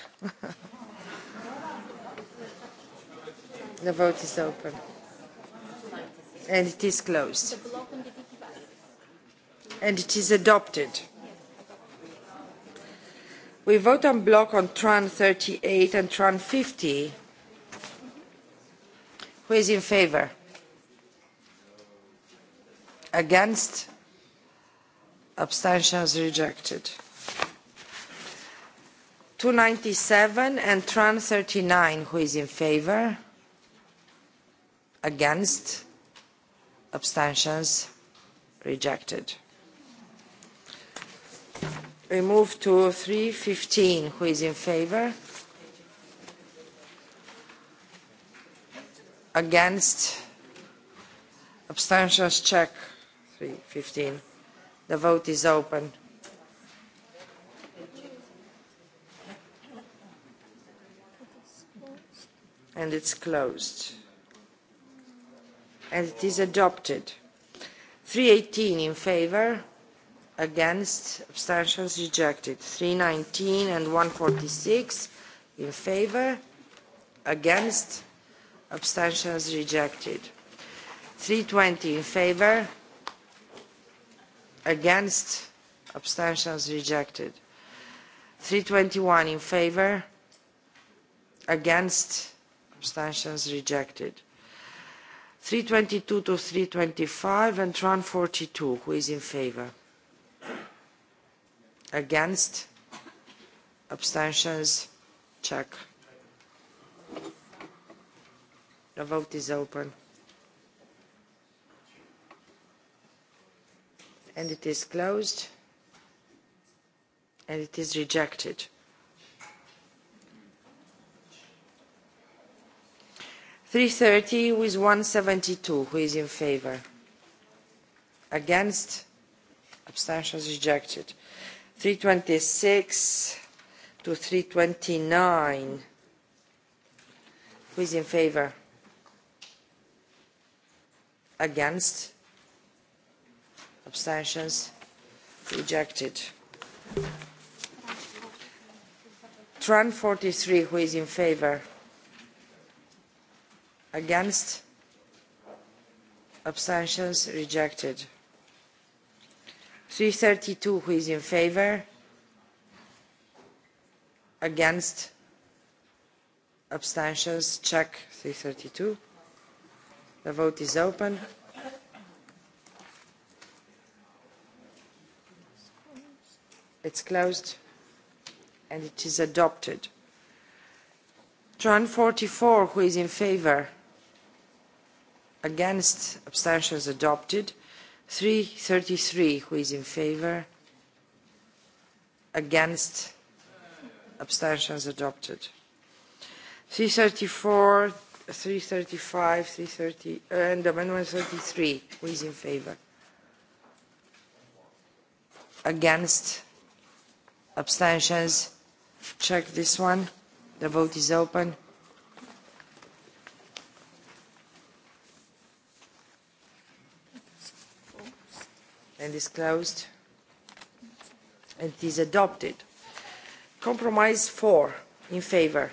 the vote is open. And it is closed. And it is adopted. We vote on block on Tran 38 and Tran 50. Who is in favor? Against? Abstentions rejected. 297 and Tran 39. Who is in favor? Against? Abstentions? Rejected. We move to 315. Who is in favor? Against? Abstentions? Check. 315. The vote is open. and it's closed and it is adopted 318 in favor against abstentions rejected 319 and 146 in favor against abstentions rejected 320 in favor against abstentions rejected 321 in favor against abstentions rejected. 322 to 325 and Tran Who is in favor? Against? Abstentions? Check. The vote is open. And it is closed. And it is rejected. 330 with 172. Who is in favor? Against? Abstentions rejected. 326 to 329. Who is in favor? Against? Abstentions rejected. Tran 43. Who is in favor? against abstentions rejected 332 who is in favor against abstentions check 332 the vote is open it's closed and it is adopted tran four, who is in favor against abstentions adopted 333 who is in favor against abstentions adopted 334 335 330 and amendment 33 who is in favor against abstentions check this one the vote is open and is closed. It is adopted. Compromise 4 in favor.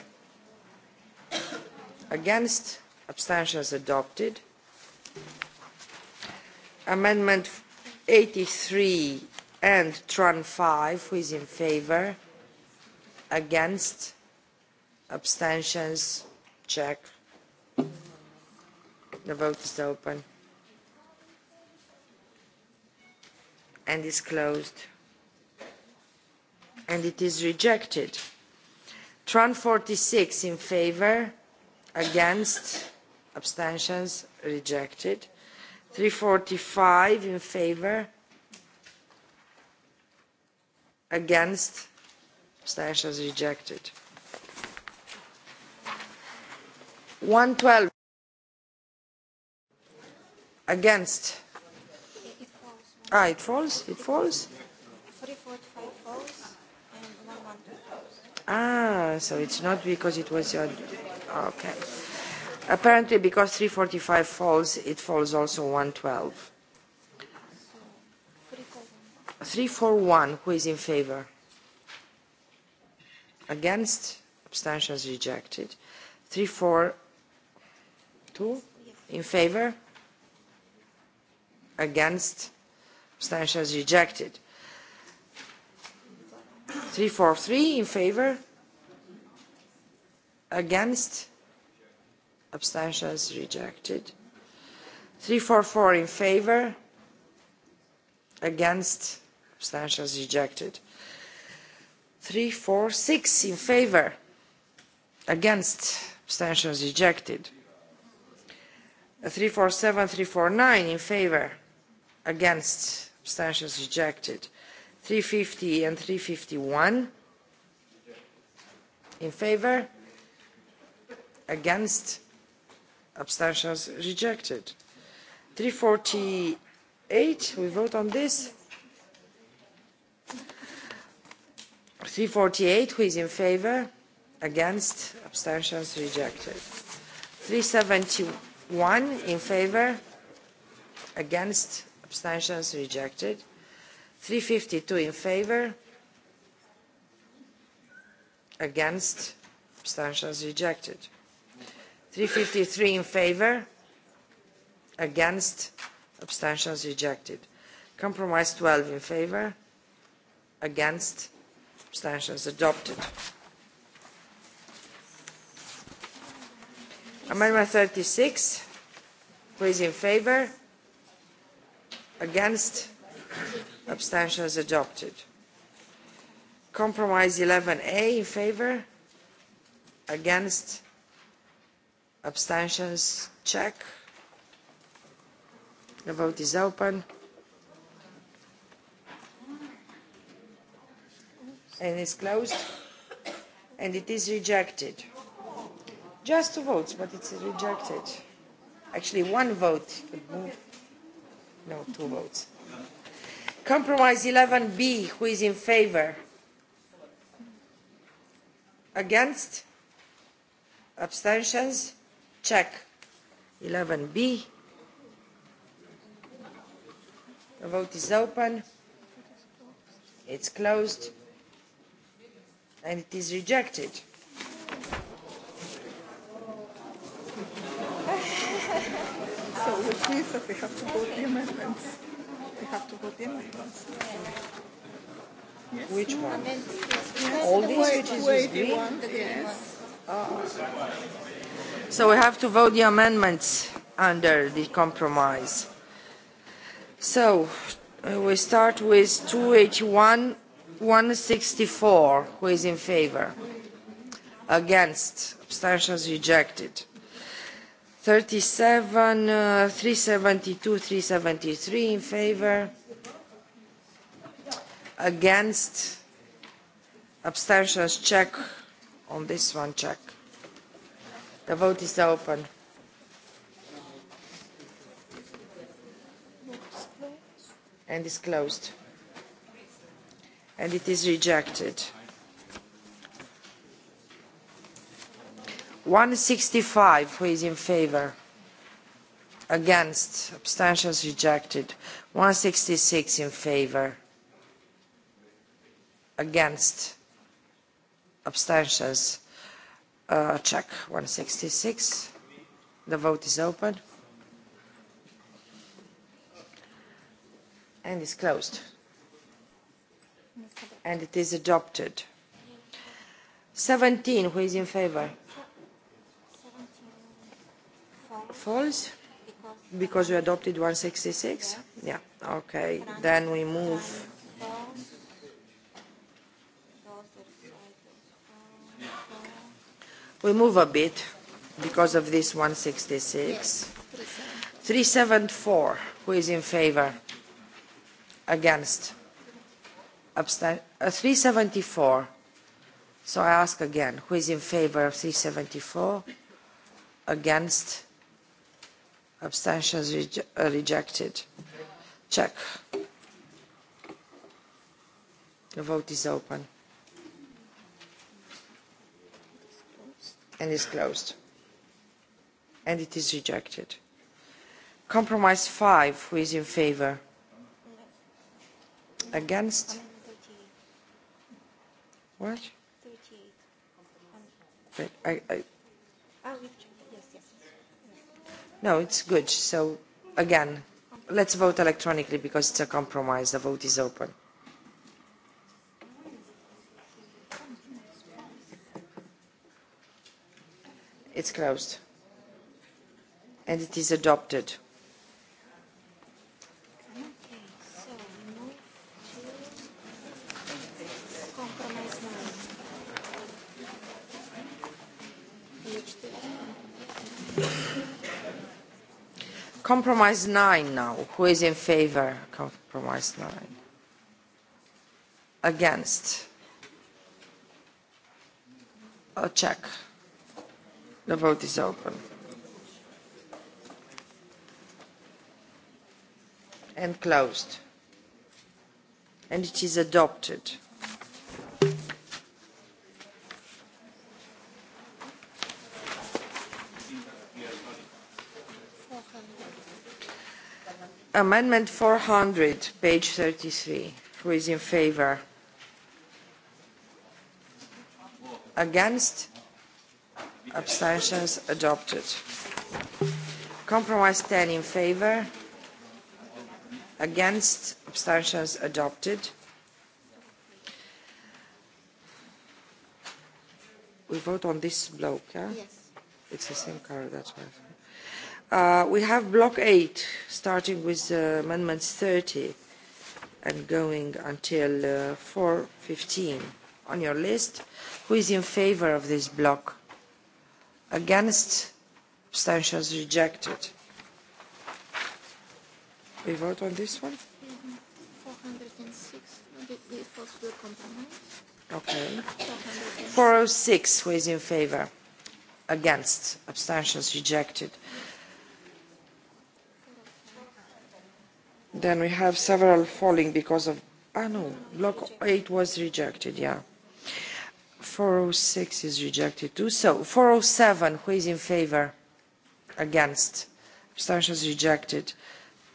Against abstentions adopted. Amendment 83 and Tran 5 who is in favor. Against abstentions check. The vote is open. and is closed and it is rejected tran 46 in favor against abstentions rejected 345 in favor against abstentions rejected 112 against Ah, it falls? It falls? Ah, so it's not because it was a... Okay. Apparently because 345 falls, it falls also 112. 341, who is in favor? Against? Abstentions rejected. 342, in favor? Against? abstentions rejected. 343 in favor, against, abstentions rejected. 344 in favor, against, abstentions rejected. 346 in favor, against, abstentions rejected. 347, 349 in favor, against, Abstentions rejected. 350 and 351. In favor? Against? Abstentions rejected. 348, we vote on this. 348, who is in favor? Against? Abstentions rejected. 371, in favor? Against? abstentions rejected 352 in favor against abstentions rejected 353 in favor against abstentions rejected compromise 12 in favor against abstentions adopted amendment 36 who is in favor against abstentions adopted compromise 11a in favor against abstentions check the vote is open and it's closed and it is rejected just two votes but it's rejected actually one vote could move No, two votes. Compromise 11B, who is in favor? Against? Abstentions? Check. 11B. The vote is open. It's closed. And it is rejected. so that they have to vote the amendments. They have to vote the amendments. Yes. Which one? Yes. All these which is one. Yes. So we have to vote the amendments under the compromise. So uh, we start with 281, 164. Who is in favor? Against? Abstentions rejected. 37, 372, 373 in favor, against, abstentions check on this one check. The vote is open. And is closed. And it is rejected. 165 who is in favor against abstentions rejected 166 in favor against abstentions uh, check 166 the vote is open and is closed and it is adopted 17 who is in favor false because you adopted 166? Yeah. Okay. Then we move. We move a bit because of this 166. 374. Who is in favor? Against? Abstain? uh, 374. So I ask again. Who is in favor of 374? Against? abstentions rejected. Check. The vote is open. And is closed. And it is rejected. Compromise five, who is in favor? Against? What? I, I, No, it's good. So, again, let's vote electronically because it's a compromise. The vote is open. It's closed. And it is adopted. Compromise nine now. Who is in favor? Compromise nine. Against? A check. The vote is open. And closed. And it is adopted. Amendment 400, page 33. Who is in favor? Against? Abstentions adopted. Compromise 10 in favor. Against? Abstentions adopted. We vote on this bloke, yeah? Yes. It's the same card, that's why we have block eight, starting with uh, amendments 30 and going until uh, 415 on your list. Who is in favor of this block? Against? Abstentions rejected. We vote on this one? Okay. 406. Who is in favor? Against? Abstentions rejected. Then we have several falling because of... Ah, no, block 8 was rejected, yeah. 406 is rejected too. So 407, who is in favor? Against. Abstentions rejected.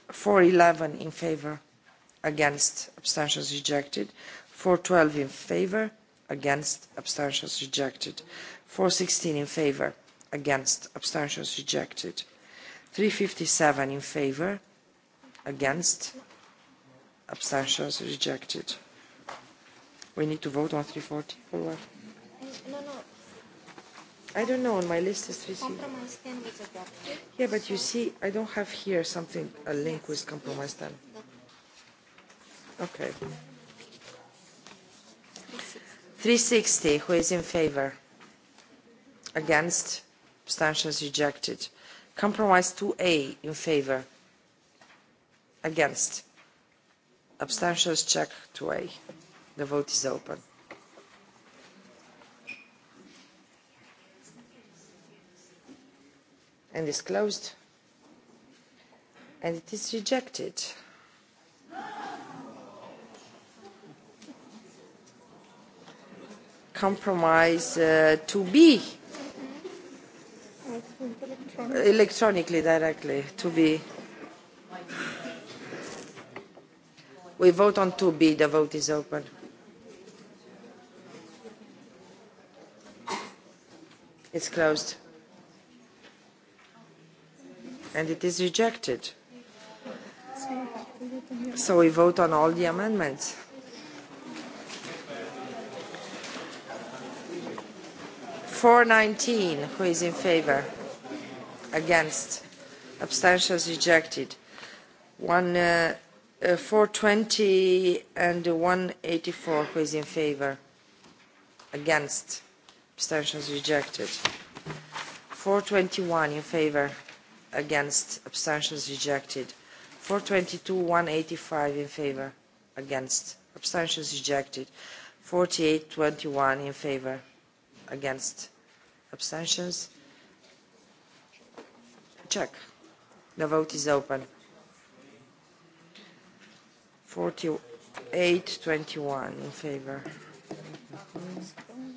411 in favor. Against. Abstentions rejected. 412 in favor. Against. Abstentions rejected. 416 in favor. Against. Abstentions rejected. 357 in favor Against? Abstentions rejected. We need to vote on 340 or what? No, no. I don't know. On my list is 340. Compromise 10 was adopted. Yeah, but you see, I don't have here something, a link with compromise 10. Okay. 360, who is in favor? Against? Abstentions rejected. Compromise 2A in favor Against? Abstentions check to a The vote is open. And is closed. And it is rejected. Compromise uh, 2B. Electronically, directly, to be. We vote on 2B. The vote is open. It's closed. And it is rejected. So we vote on all the amendments. Four nineteen, who is in favor? Against? Abstentions rejected. One uh, 420 and 184, who is in favor? Against? Abstentions rejected. 421 in favor? Against? Abstentions rejected. 422, 185 in favor? Against? Abstentions rejected. 48, 21 in favor? Against? Abstentions? Check. The vote is open. 4821 in favor.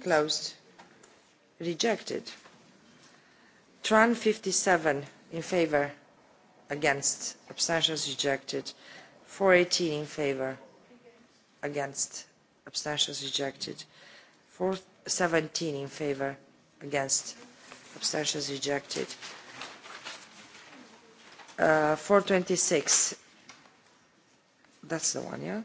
Closed. Rejected. Tran 57 in favor. Against. Abstentions rejected. 418 in favor. Against. Abstentions rejected. 417 in favor. Against. Abstentions rejected. Uh, 426 That's the one, yeah?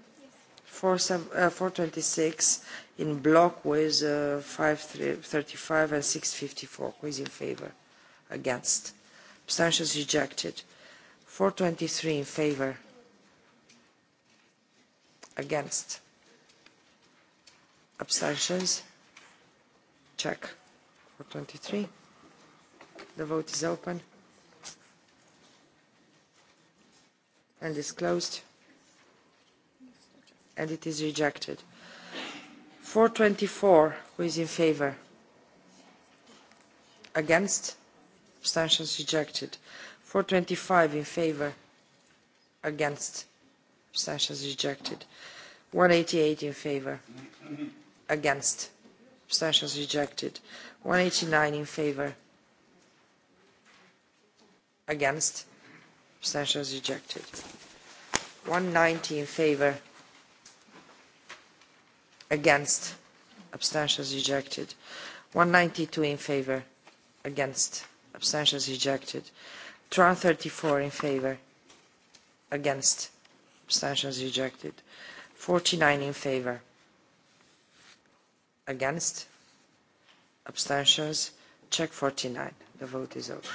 426 in block with 535 and 654. Who is in favor? Against. Abstentions rejected. 423 in favor. Against. Abstentions. Check. 423. The vote is open. And is closed and it is rejected. 424, who is in favor? Against? Abstentions rejected. 425 in favor? Against? Abstentions rejected. 188 in favor? Against? Abstentions rejected. 189 in favor? Against? Abstentions rejected. 190 in favor? against abstentions rejected 192 in favor against abstentions rejected 234 in favor against abstentions rejected 49 in favor against abstentions check 49 the vote is open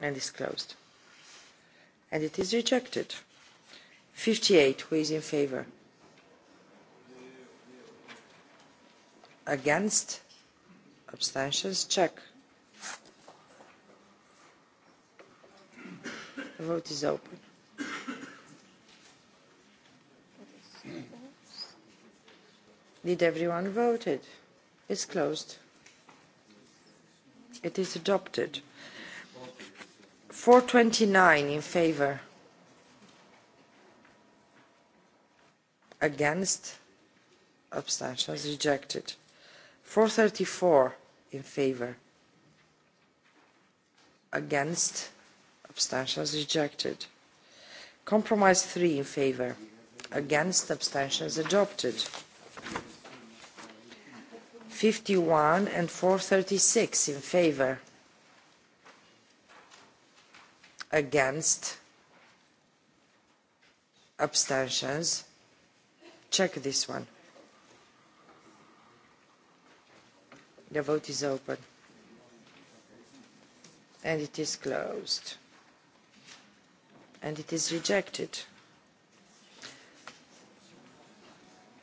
and is closed and it is rejected. 58, who is in favor? Against? Abstentions? Check. The vote is open. Did everyone voted? It's closed. It is adopted. 429 in favor. Against. Abstentions rejected. 434 in favor. Against. Abstentions rejected. Compromise 3 in favor. Against. Abstentions adopted. 51 and 436 in favor against abstentions check this one the vote is open and it is closed and it is rejected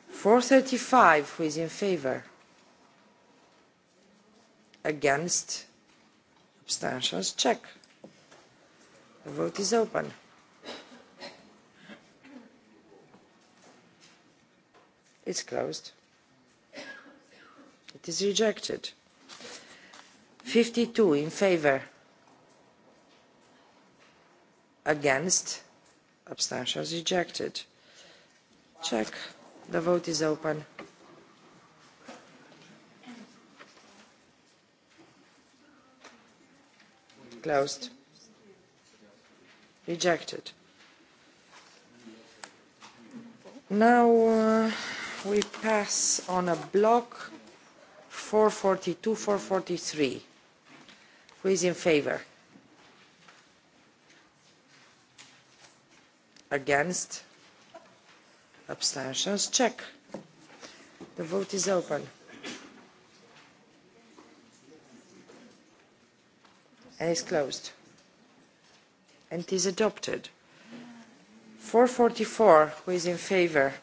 435 who is in favor against abstentions check The vote is open. It's closed. It is rejected. 52 in favor. Against. Abstentions rejected. Check. The vote is open. Closed Rejected. Now uh, we pass on a block 442, 443. Who is in favor? Against? Abstentions? Check. The vote is open. And it's closed and is adopted. 444, who is in favor?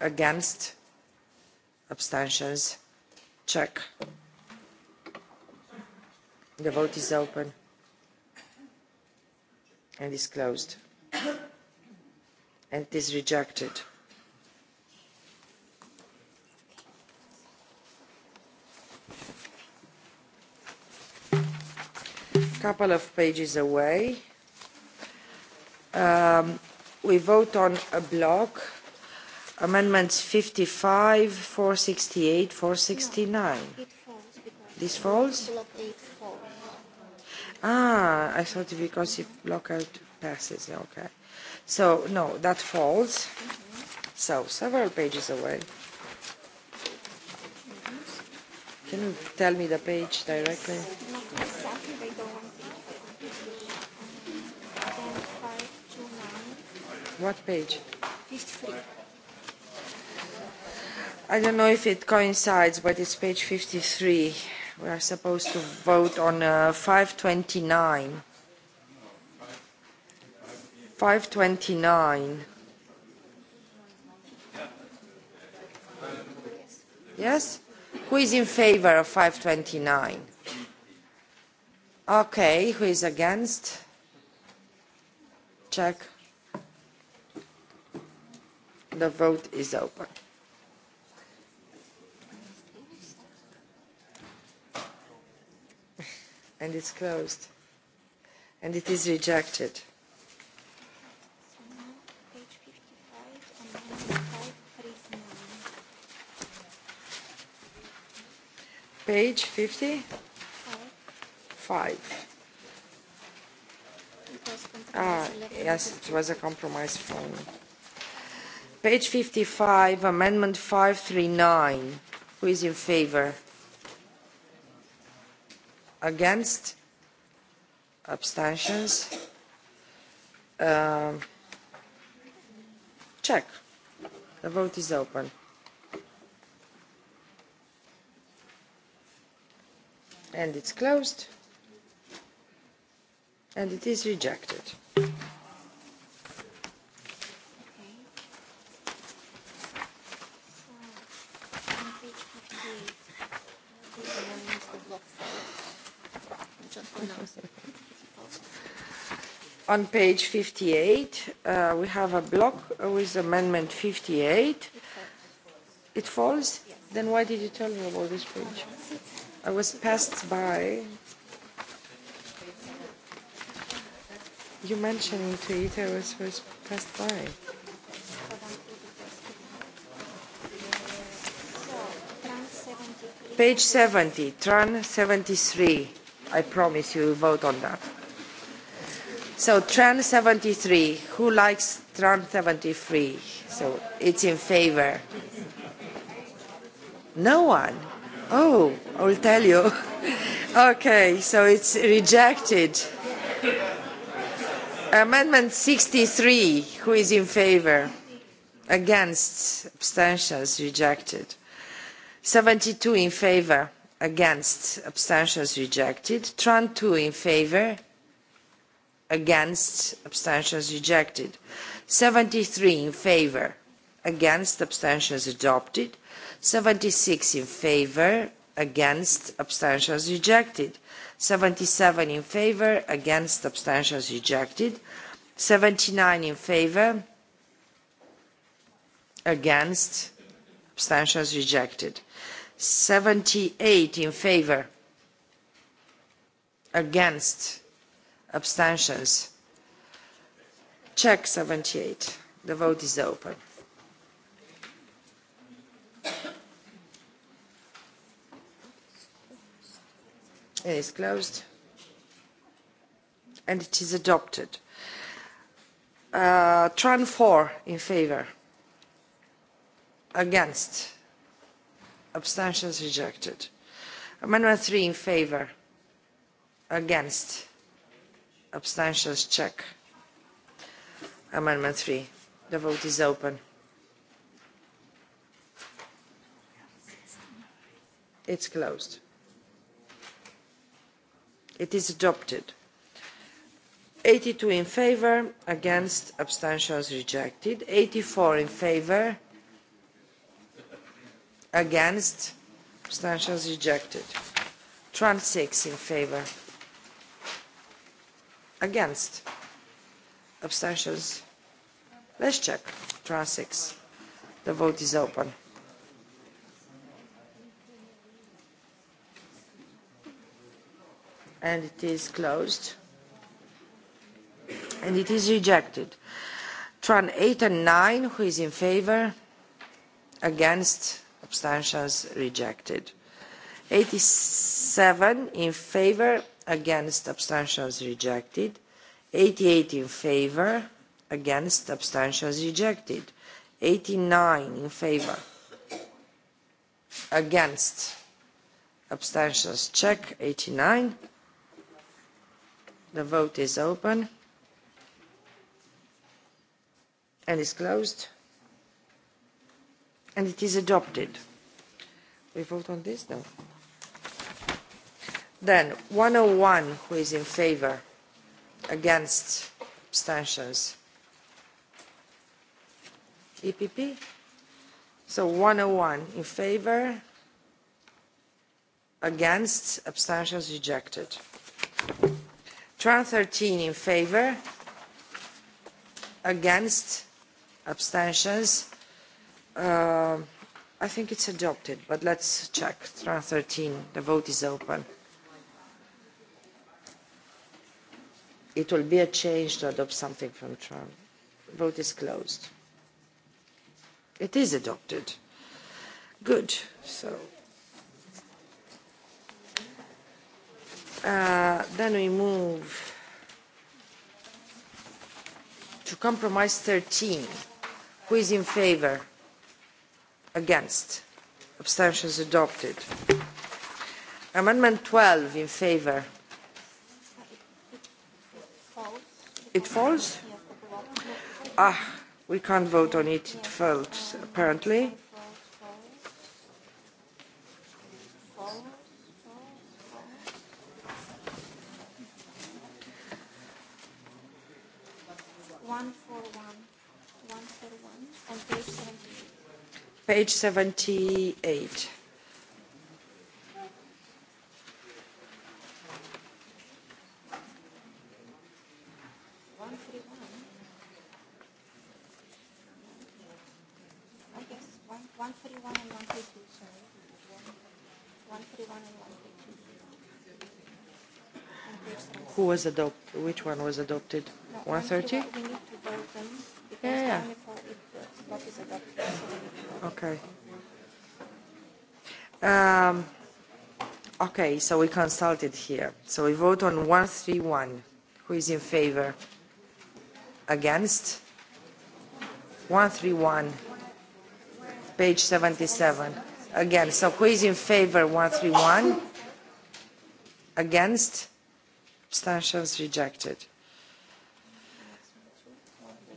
Against? Abstentions? Check. The vote is open and is closed and is rejected. couple of pages away. Um, we vote on a block amendments 55, 468, 469. this falls? falls. Ah, I thought because if blockout passes, okay. So, no, that falls. So, several pages away. Can you tell me the page directly? What page? 53. I don't know if it coincides, but it's page 53. We are supposed to vote on uh, 529. 529. Yes? Who is in favor of 529? Okay, who is against? Check. The vote is open. And it's closed. And it is rejected. Page 50? Five. Ah, yes, it was a compromise phone. Page 55, Amendment 539. Who is in favor? Against? Abstentions? check. The vote is open. And it's closed. And it is rejected. on page 58, uh, we have a block with amendment 58. It falls? Then why did you tell me about this page? I was passed by. You mentioned to it, I was, was passed by. Page 70, Tran 73. I promise you, we'll vote on that. So Tran 73. Who likes Tran 73? So it's in favor. No one. Oh, I'll tell you. okay, so it's rejected. Amendment 63. Who is in favor? Against. Abstentions rejected. 72 in favor. Against. Abstentions rejected. Tran 2 in favor against abstentions rejected 73 in favor against abstentions adopted 76 in favor against abstentions rejected 77 in favor against abstentions rejected 79 in favor against abstentions rejected 78 in favor against abstentions check 78 the vote is open it is closed and it is adopted uh, tran 4 in favor against abstentions rejected amendment 3 in favor against Abstentions check. Amendment 3. The vote is open. It's closed. It is adopted. 82 in favor, against, abstentions rejected. 84 in favor, against, abstentions rejected. Twenty six in favor Against? Abstentions? Let's check. Trans 6. The vote is open. And it is closed. And it is rejected. Tran 8 and 9, who is in favor? Against? Abstentions? Rejected. 87 in favor against abstentions rejected 88 in favor against abstentions rejected 89 in favor against abstentions check 89 the vote is open and is closed and it is adopted we vote on this now Then 101, who is in favor? Against? Abstentions? EPP? So 101 in favor? Against? Abstentions rejected. Tran 13 in favor? Against? Abstentions? Uh, I think it's adopted, but let's check. Tran 13, the vote is open. It will be a change to adopt something from Trump. Vote is closed. It is adopted. Good. So. Uh, then we move to compromise 13. Who is in favor? Against? Abstentions adopted. Amendment 12 in favor? It falls? Ah, we can't vote on it. It falls, apparently. Page 78. was adopted? Which one was adopted? No, 130? We need to vote them because yeah, yeah. if is adopted. okay. Um, okay, so we consulted here. So we vote on 131. Who is in favor? Against? 131. Page 77. Again, so who is in favor? 131. Against? abstentions rejected.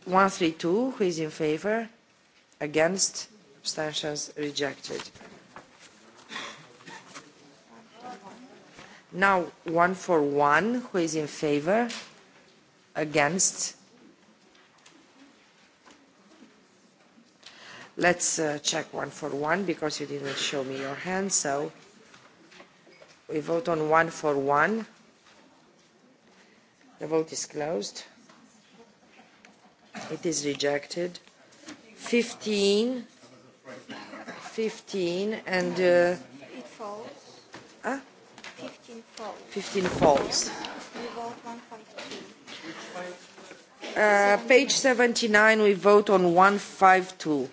132, who is in favor? Against? Abstentions rejected. Now 141, who is in favor? Against? Let's uh, check 141 because you didn't show me your hand, so we vote on 141. The vote is closed. It is rejected. 15. 15 and... Uh, it falls. Huh? 15 falls. 15 falls. We vote 152. Uh, page 79, we vote on 152.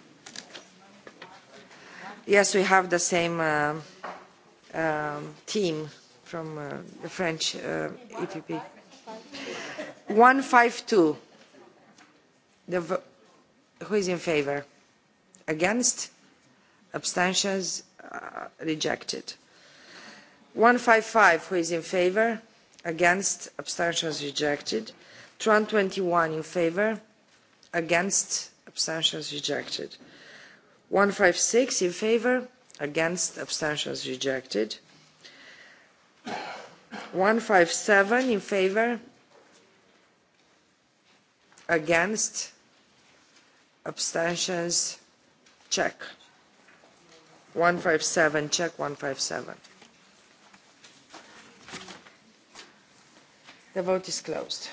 Yes, we have the same uh, um, team from uh, the French uh, EPP. 152. The who is in favor? Against? Abstentions? Uh, rejected. 155. Who is in favor? Against? Abstentions? Rejected. 221 in favor? Against? Abstentions? Rejected. 156 in favor? Against? Abstentions? Rejected. 157 in favor against abstentions check 157 check 157 the vote is closed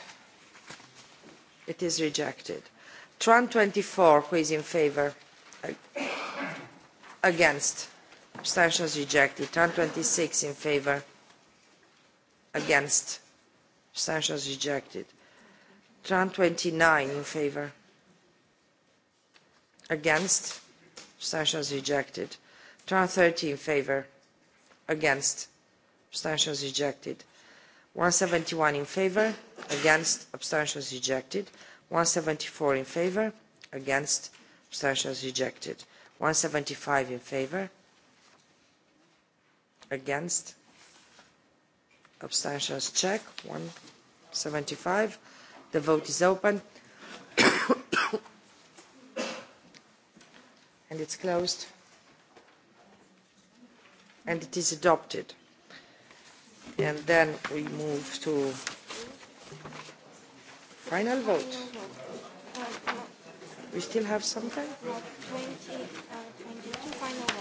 it is rejected tran 24 who is in favor against abstentions rejected tran 26 in favor against abstentions rejected tran 29 in favor against abstentions rejected tran 30 in favor against abstentions rejected 171 in favor against abstentions rejected 174 in favor against abstentions rejected 175 in favor against Abstentions check. 175. The vote is open. and it's closed. And it is adopted. And then we move to final vote. We still have something? 20, uh, 22 final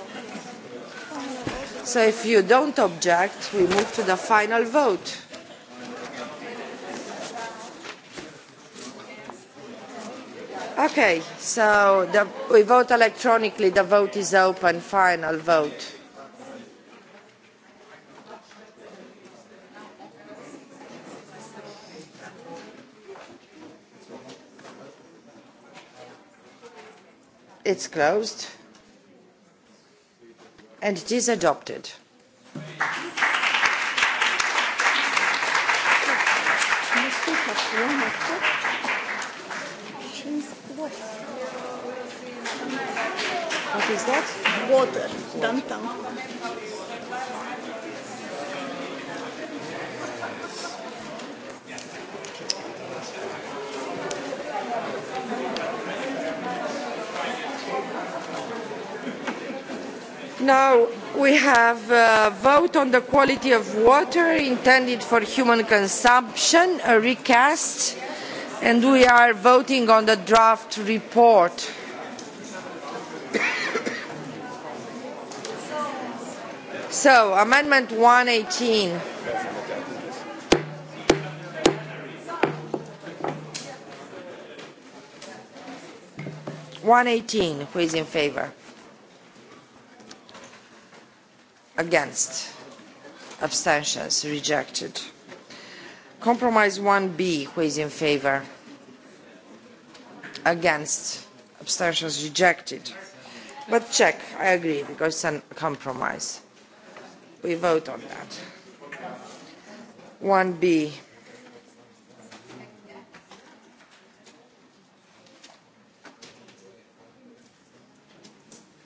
So if you don't object, we move to the final vote. Okay, so the, we vote electronically. The vote is open. Final vote. It's closed and it is adopted. What is that? Water, downtown. Now we have a vote on the quality of water intended for human consumption, a recast, and we are voting on the draft report. so, Amendment 118. One eighteen, who is in favor? against abstentions rejected compromise 1b who is in favor against abstentions rejected but check i agree because it's a compromise we vote on that 1b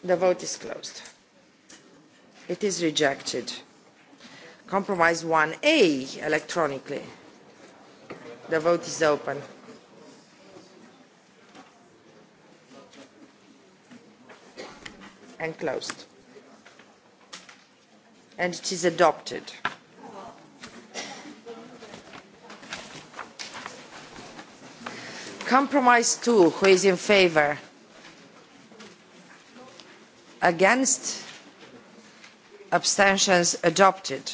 the vote is closed It is rejected. Compromise 1A electronically. The vote is open. And closed. And it is adopted. Compromise 2, who is in favor? Against? abstentions adopted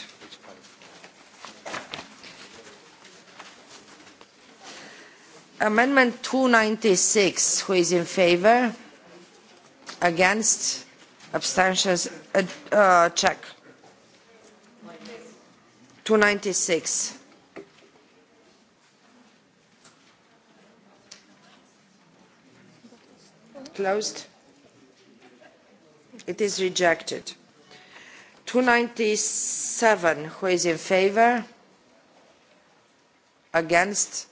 amendment two ninety six who is in favour against abstentions uh, check 296 closed it is rejected 297 who is in favor against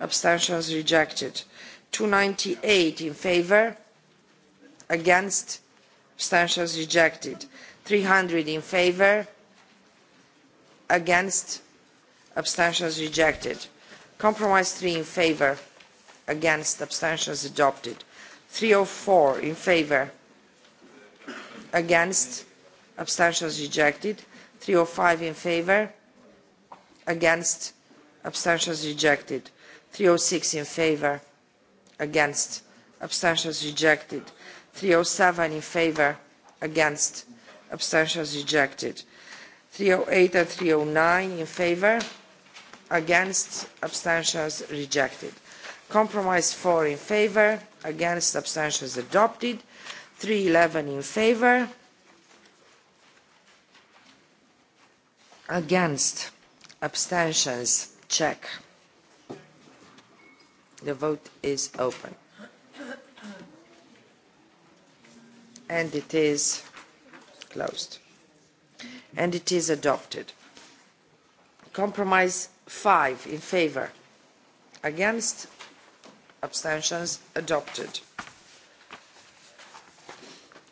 abstentions rejected 298 in favor against abstentions rejected 300 in favor against abstentions rejected compromise 3 in favor against abstentions adopted 304 in favor against abstentions rejected. 305 in favor, against, abstentions rejected. 306 in favor, against, abstentions rejected. 307 in favor, against, abstentions rejected. 308 and 309 in favor, against, abstentions rejected. Compromise 4 in favor, against, abstentions adopted. 311 in favor, Against. Abstentions. Check. The vote is open. And it is closed. And it is adopted. Compromise five in favor. Against. Abstentions. Adopted.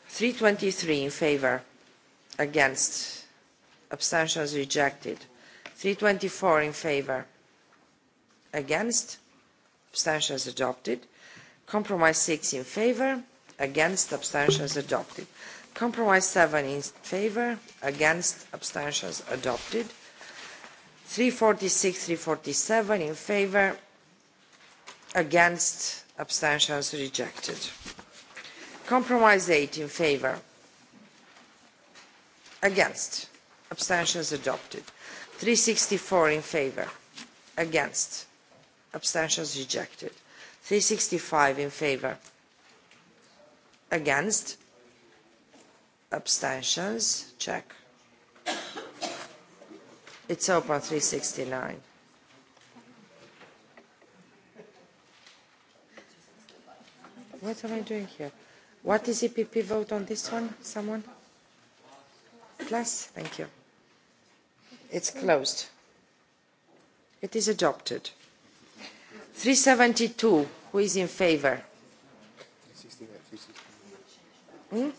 323 in favor. Against abstentions rejected 324 in favor against abstentions adopted compromise 6 in favor against abstentions adopted compromise 7 in favor against abstentions adopted 346 347 in favor against abstentions rejected compromise 8 in favor against abstentions adopted. 364 in favor, against, abstentions rejected. 365 in favor, against, abstentions, check. It's open 369. What am I doing here? What is EPP vote on this one, someone? Plus, thank you. It's closed. It is adopted. 372, who is in favour? Hmm?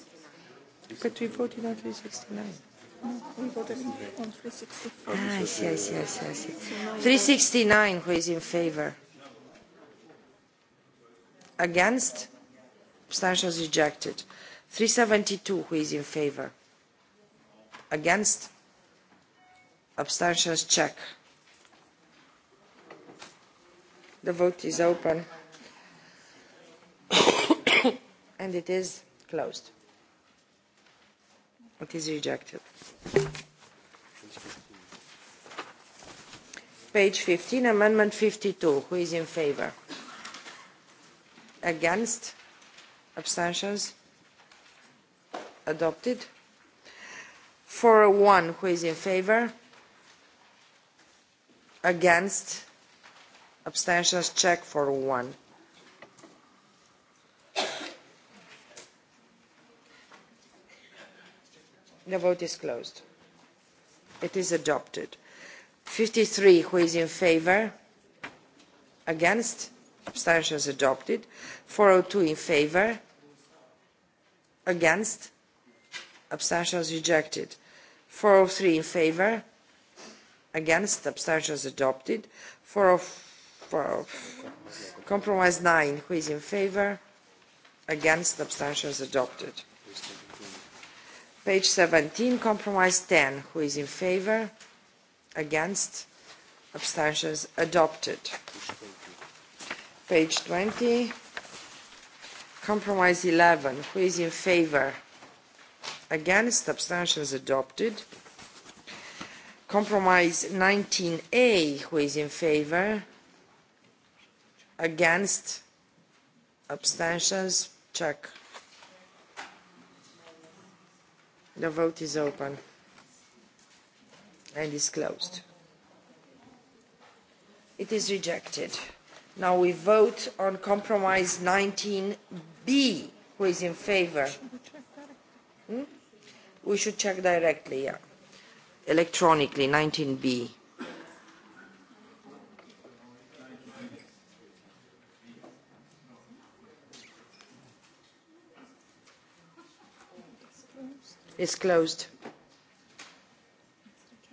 But we voted on 369. We voted on 364. Ah, I see, I see, I 369, who is in favor? Against? Abstentions rejected. 372, who is in favour? Against? Abstentions check. The vote is open. and it is closed. It is rejected. Page 15, Amendment 52. Who is in favor? Against? Abstentions? Adopted. 401, who is in favor? Against? Abstentions check for one. The vote is closed. It is adopted. 53, who is in favor? Against? Abstentions adopted. 402 in favor? Against? abstentions rejected. 403 in favor, against, abstentions adopted. 404, compromise 9, who is in favor, against, abstentions adopted. Page 17, compromise 10, who is in favor, against, abstentions adopted. Page 20, compromise 11, who is in favor, Against abstentions adopted. Compromise 19A, who is in favor? Against abstentions? Check. The vote is open and is closed. It is rejected. Now we vote on compromise 19B. Who is in favor? Hmm? We should check directly, yeah. Electronically, 19B. It's closed.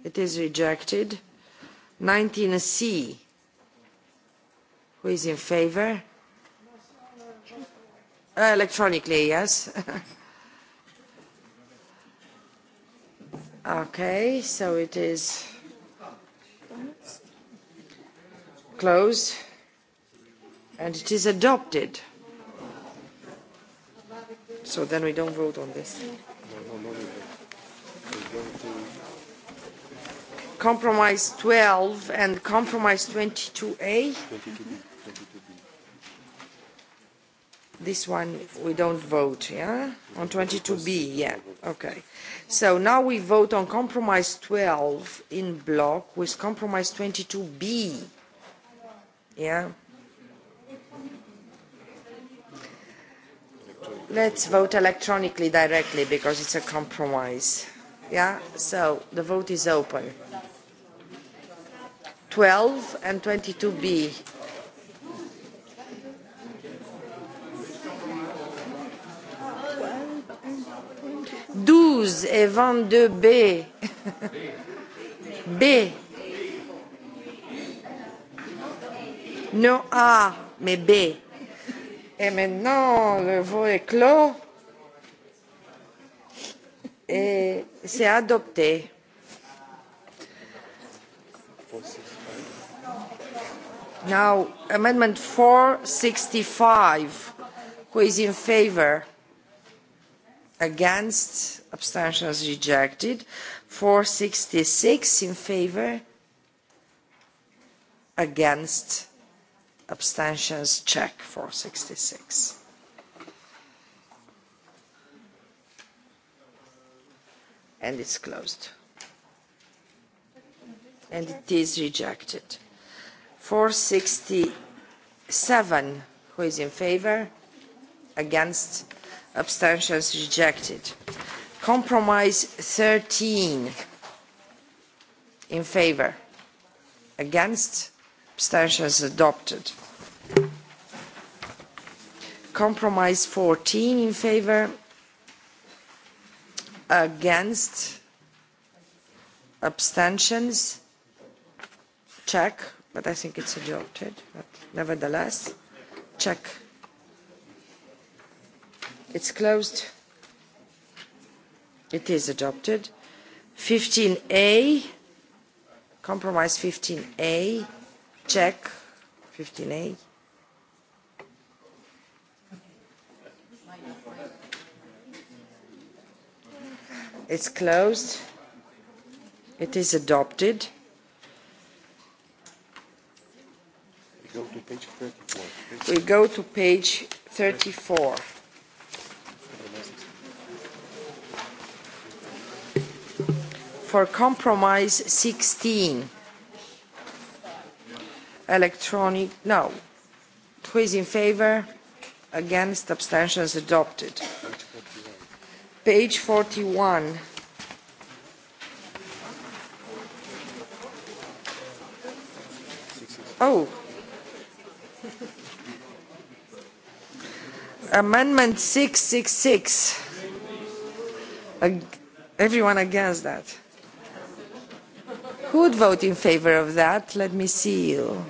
It is rejected. 19C. Who is in favor? Uh, electronically, yes. Okay, so it is closed and it is adopted. So then we don't vote on this. Compromise 12 and compromise 22A. 22B. This one we don't vote, yeah? On 22B, yeah, okay. So now we vote on compromise 12 in block with compromise 22B, yeah? Let's vote electronically directly because it's a compromise, yeah? So the vote is open. 12 and 22B 12 et 22 B. B. Non A, mais B. Et maintenant, le vote est clos. Et c'est adopté. Now, Amendment 465. Who is in favor? against abstentions rejected 466 in favor against abstentions check 466 and it's closed and it is rejected 467 who is in favor against abstentions rejected compromise 13 in favor against abstentions adopted compromise 14 in favor against abstentions check but i think it's adopted but nevertheless check It's closed. It is adopted. 15A, compromise 15A, check 15A. It's closed. It is adopted. We go to page 34. We go to page 34. for compromise 16. Electronic, no. Who is in favor? Against, abstentions adopted. Page 41. Oh. Amendment 666. Everyone against that. Who would vote in favor of that? Let me see you.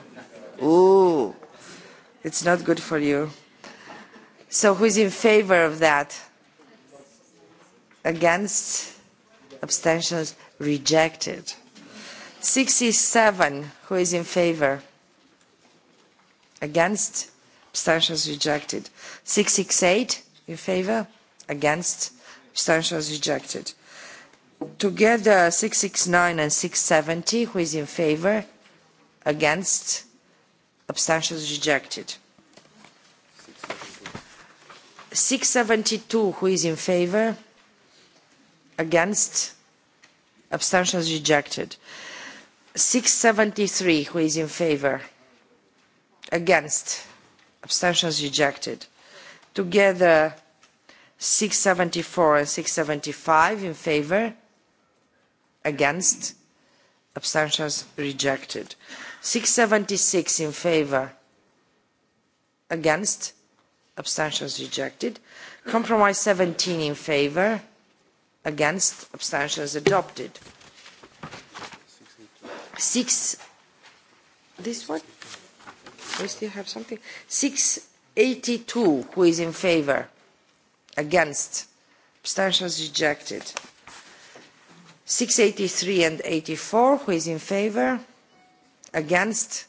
Ooh, it's not good for you. So who is in favor of that? Against? Abstentions? Rejected. 67. Who is in favor? Against? Abstentions rejected. 668. In favor? Against? Abstentions rejected. Together 669 and 670, who is in favor? Against? Abstentions rejected. 672, who is in favor? Against? Abstentions rejected. 673, who is in favor? Against? Abstentions rejected. Together 674 and 675 in favor? against abstentions rejected 676 in favor against abstentions rejected compromise 17 in favor against abstentions adopted six this one we still have something 682 who is in favor against abstentions rejected 683 and 84, who is in favor? Against?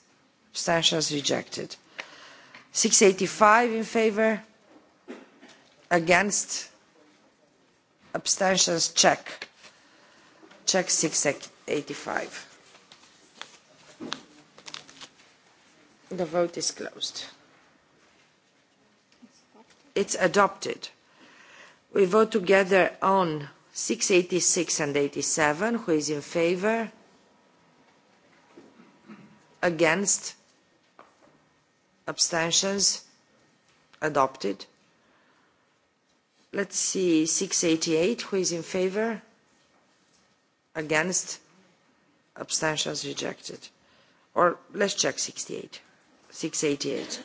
Abstentions rejected. 685 in favor? Against? Abstentions check. Check 685. The vote is closed. It's adopted. We vote together on 686 and 87. Who is in favor? Against? Abstentions? Adopted. Let's see, 688. Who is in favor? Against? Abstentions rejected. Or let's check 68. 688.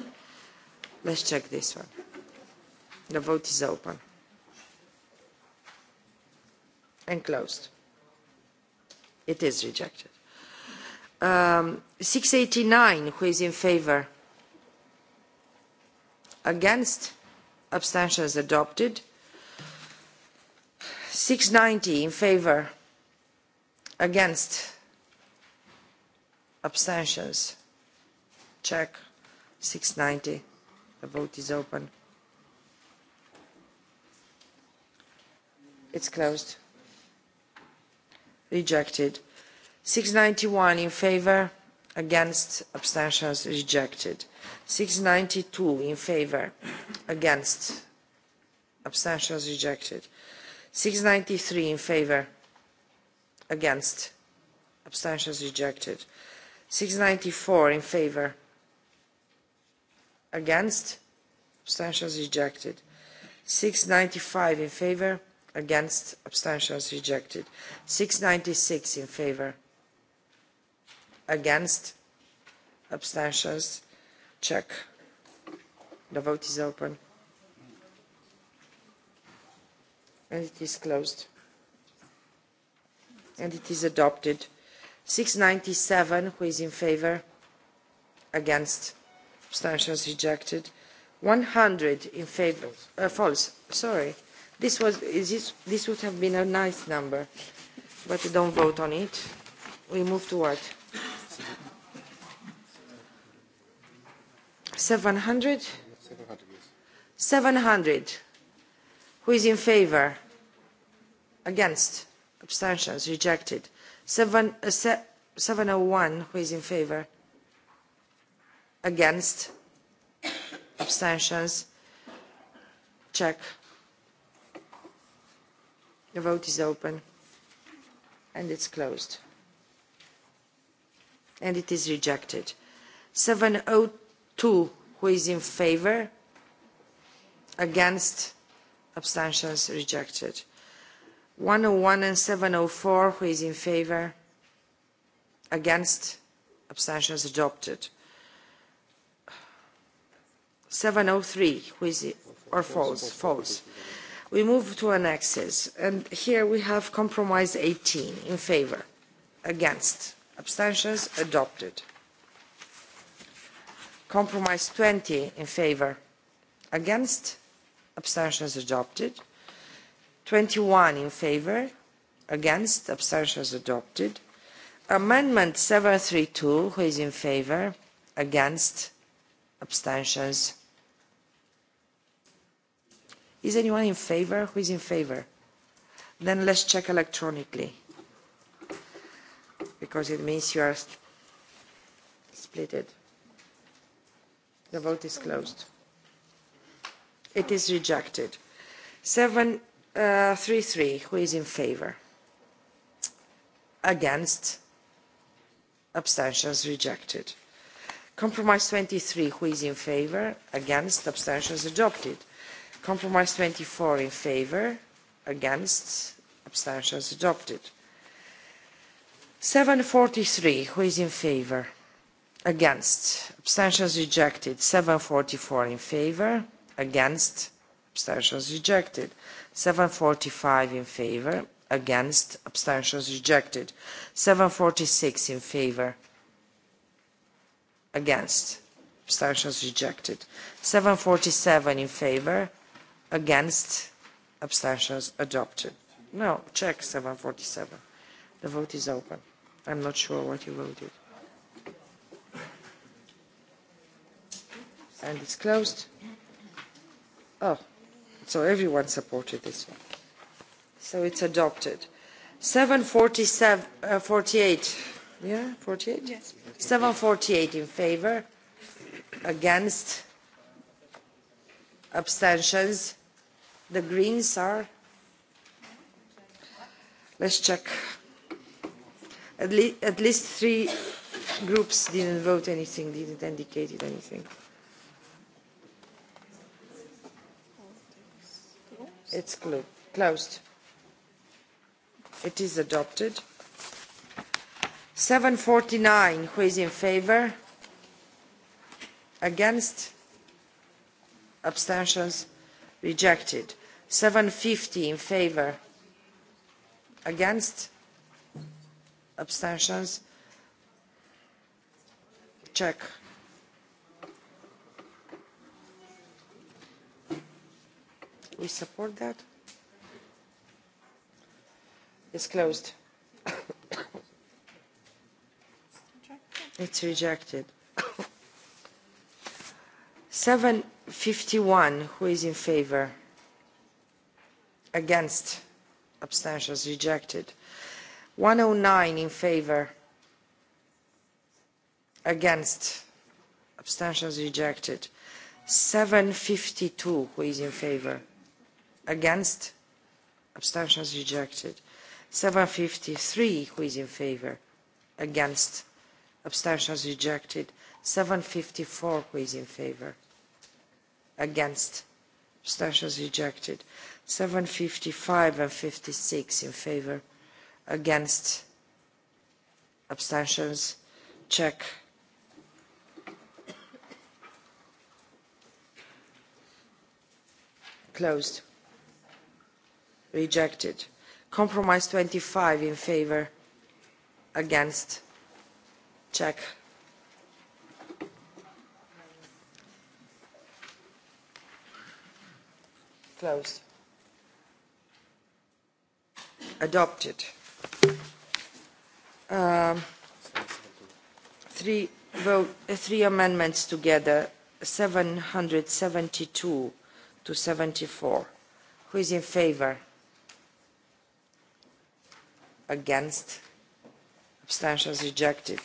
Let's check this one. The vote is open and closed. It is rejected. Um, 689, who is in favor? Against? Abstentions adopted. 690 in favor? Against? Abstentions? Check. 690. The vote is open. It's closed rejected. 691 in favor, against, abstentions rejected. 692 in favor, against, abstentions rejected. 693 in favor, against, abstentions rejected. 694 in favor, against, abstentions rejected. 695 in favor, against abstentions rejected 696 in favor against abstentions check the vote is open and it is closed and it is adopted 697 who is in favor against abstentions rejected 100 in favor uh, false sorry This, was, is this, this would have been a nice number, but we don't vote on it. We move to what? 700? 700. Who is in favor? Against? Abstentions? Rejected. seven uh, 701. Who is in favor? Against? Abstentions? Check. The vote is open and it's closed. And it is rejected. 702, who is in favor? Against? Abstentions rejected. 101 and 704, who is in favor? Against? Abstentions adopted. 703, who is, or false? False. We move to annexes, and here we have compromise 18 in favor, against, abstentions adopted. Compromise 20 in favor, against, abstentions adopted. 21 in favor, against, abstentions adopted. Amendment 732, who is in favor, against, abstentions Is anyone in favor? Who is in favor? Then let's check electronically because it means you are splitted. The vote is closed. It is rejected. Seven uh, three three. Who is in favor? Against. Abstentions rejected. Compromise 23. Who is in favor? Against. Abstentions adopted. Compromise 24 in favour. against, abstentions adopted. 743, who is in favor? Against, abstentions rejected. 744 in favour. against, abstentions rejected. 745 in favour. against, abstentions rejected. 746 in favor, against, abstentions rejected. 747 in favour against abstentions adopted no check 747 the vote is open i'm not sure what you voted and it's closed oh so everyone supported this one so it's adopted 747 uh, 48 yeah 48 yes 748 in favor against abstentions The Greens are. Let's check. At, le- at least three groups didn't vote anything, didn't indicate anything. It's clo- closed. It is adopted. 749, who is in favor? Against? Abstentions? Rejected. 750 in favour against abstentions check we support that it's closed it's rejected 751 who is in favour? against abstentions rejected 109 in favor against abstentions rejected 752 who is in favor against abstentions rejected 753 who is in favor against abstentions rejected 754 who is in favor against abstentions rejected 755 and 56 in favor, against, abstentions, check. Closed. Rejected. Compromise 25 in favor, against, check. Closed adopted. Uh, three, vote, uh, three amendments together, 772 to 74. Who is in favor? Against? Abstentions rejected.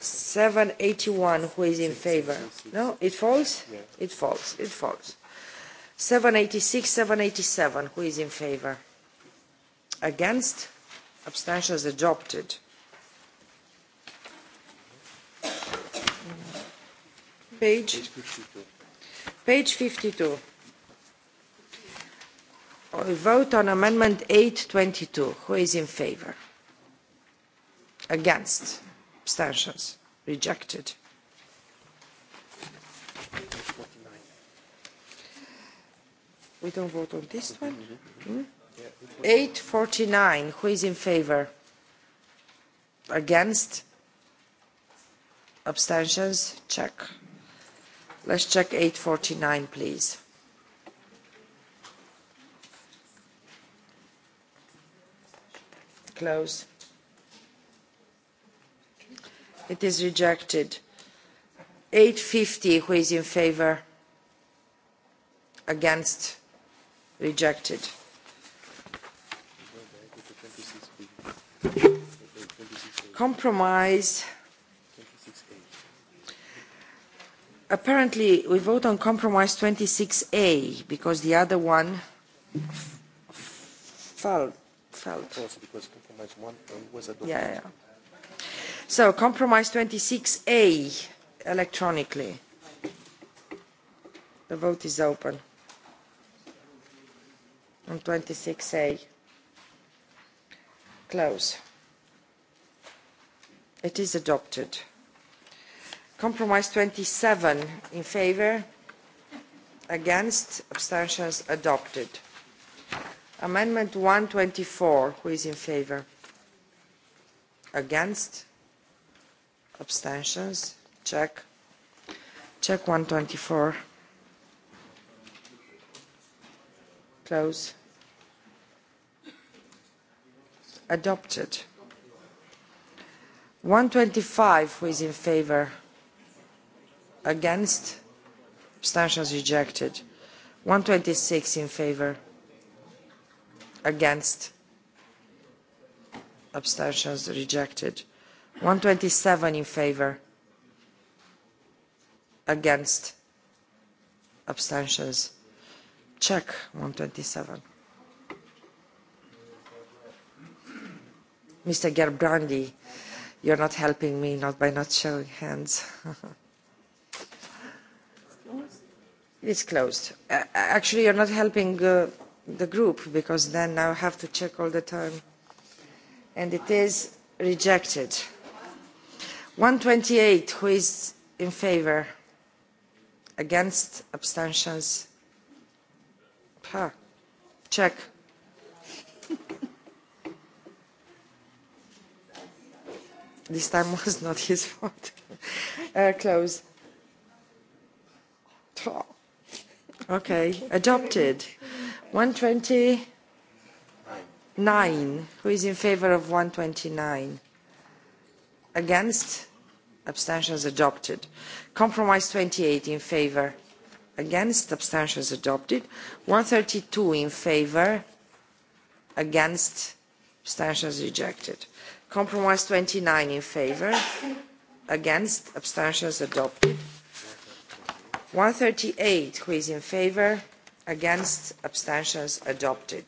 781, who is in favor? No, it falls? It falls, it falls. 786, 787, who is in favor? against abstentions adopted page page 52 we vote on amendment 822 who is in favor against abstentions rejected we don't vote on this one 849. Who is in favor? Against? Abstentions? Check. Let's check 849, please. Close. It is rejected. 850. Who is in favor? Against? Rejected. Compromise. Apparently, we vote on compromise 26A because the other one fell. fell. because compromise one was adopted. Yeah, yeah. So compromise 26A electronically. The vote is open on 26A. Close. It is adopted. Compromise twenty seven. in favour? against, abstentions adopted. Amendment one twenty four. who is in favour? Against, abstentions, check. Check one twenty four. Close. Adopted. 125 who is in favor against abstentions rejected 126 in favor against abstentions rejected 127 in favor against abstentions check 127 mr gerbrandi You're not helping me not by not showing hands. It is closed. Uh, actually, you're not helping uh, the group because then now I have to check all the time. And it is rejected. 128, who is in favor? Against? Abstentions? Huh. Check. This time was not his fault. Uh, close. Okay, adopted. 129. Who is in favor of 129? Against? Abstentions adopted. Compromise 28 in favor. Against? Abstentions adopted. 132 in favor. Against? Abstentions rejected. Compromise 29 in favor, against, abstentions adopted. 138, who is in favor, against, abstentions adopted.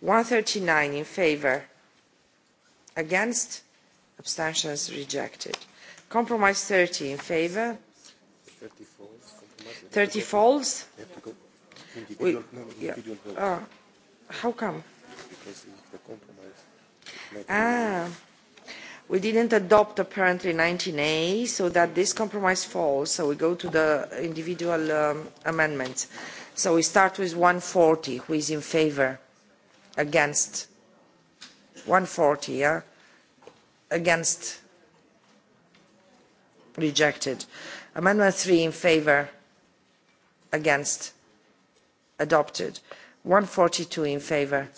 139 in favor, against, abstentions rejected. Compromise 30 in favor. 30 folds. We, yeah. uh, how come? Because the compromise. Ah. We didn't adopt apparently 19A, so that this compromise falls. So we go to the individual um, amendments. So we start with 140. Who is in favor? Against? 140, yeah? Against? Rejected. Amendment 3 in favor? Against? Adopted. 142 in favor?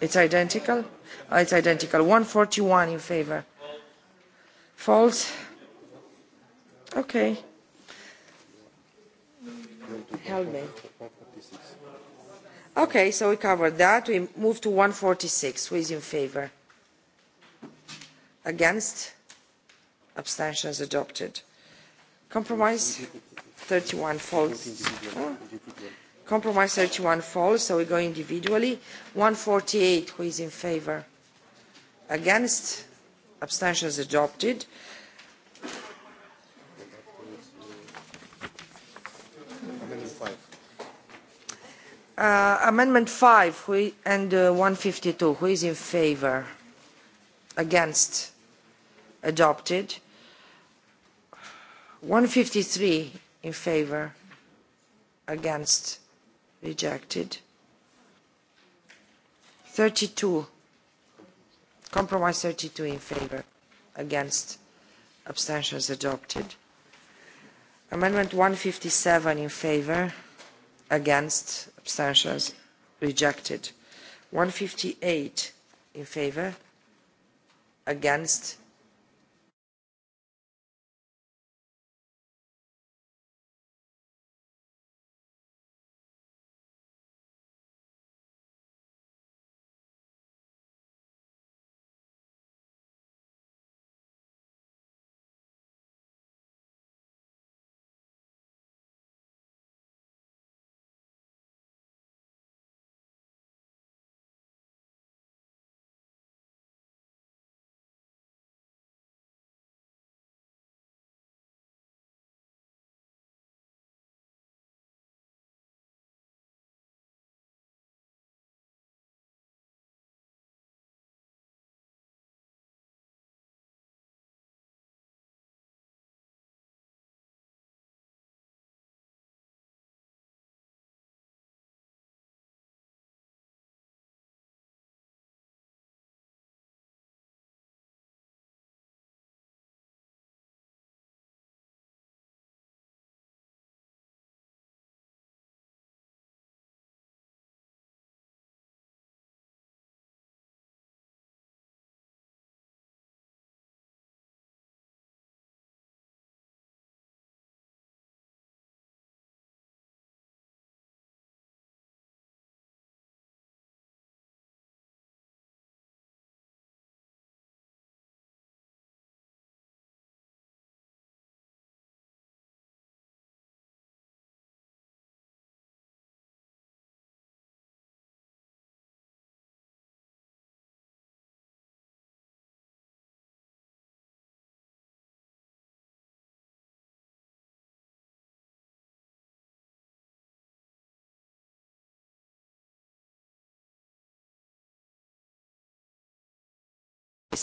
It's identical? Oh, it's identical. 141 in favor. False? Okay. Help me. Okay, so we covered that. We move to 146. Who is in favor? Against? Abstentions adopted. Compromise? 31 false. Compromise 31 falls, so we go individually. 148, who is in favour? Against? Abstentions adopted. Uh, amendment 5 who, and uh, 152, who is in favour? Against? Adopted. 153 in favour? Against? rejected. 32, compromise 32 in favor, against, abstentions adopted. Amendment 157 in favor, against, abstentions rejected. 158 in favor, against,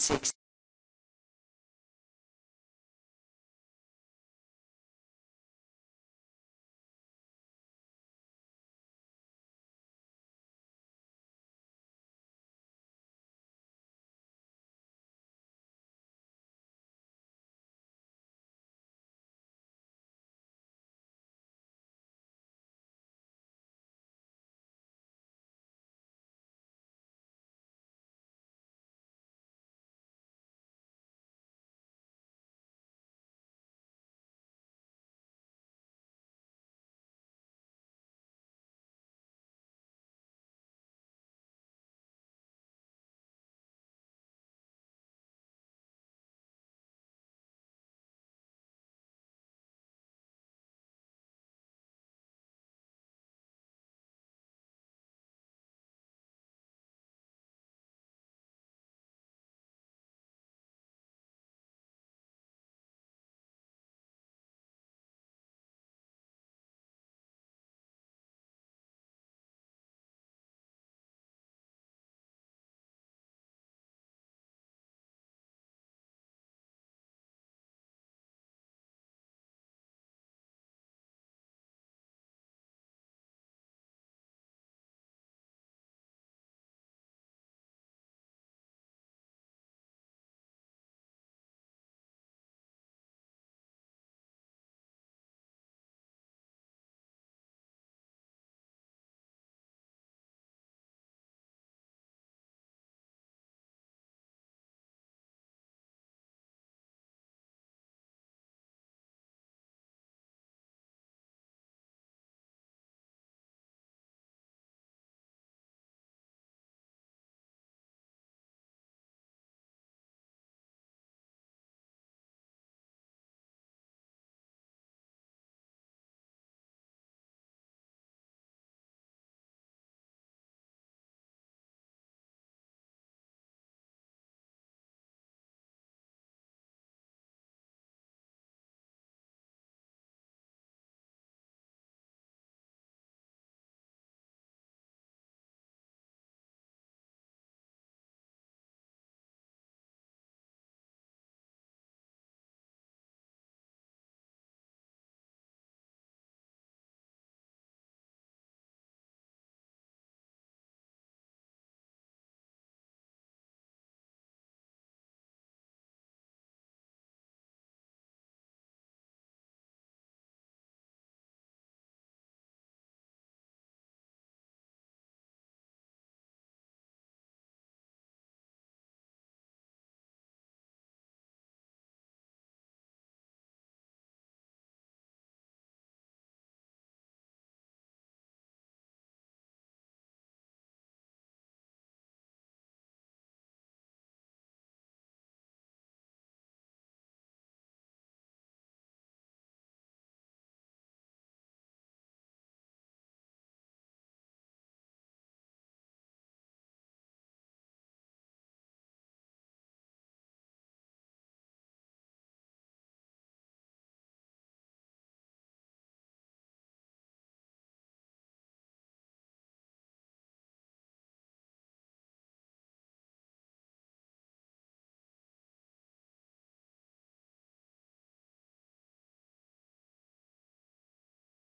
six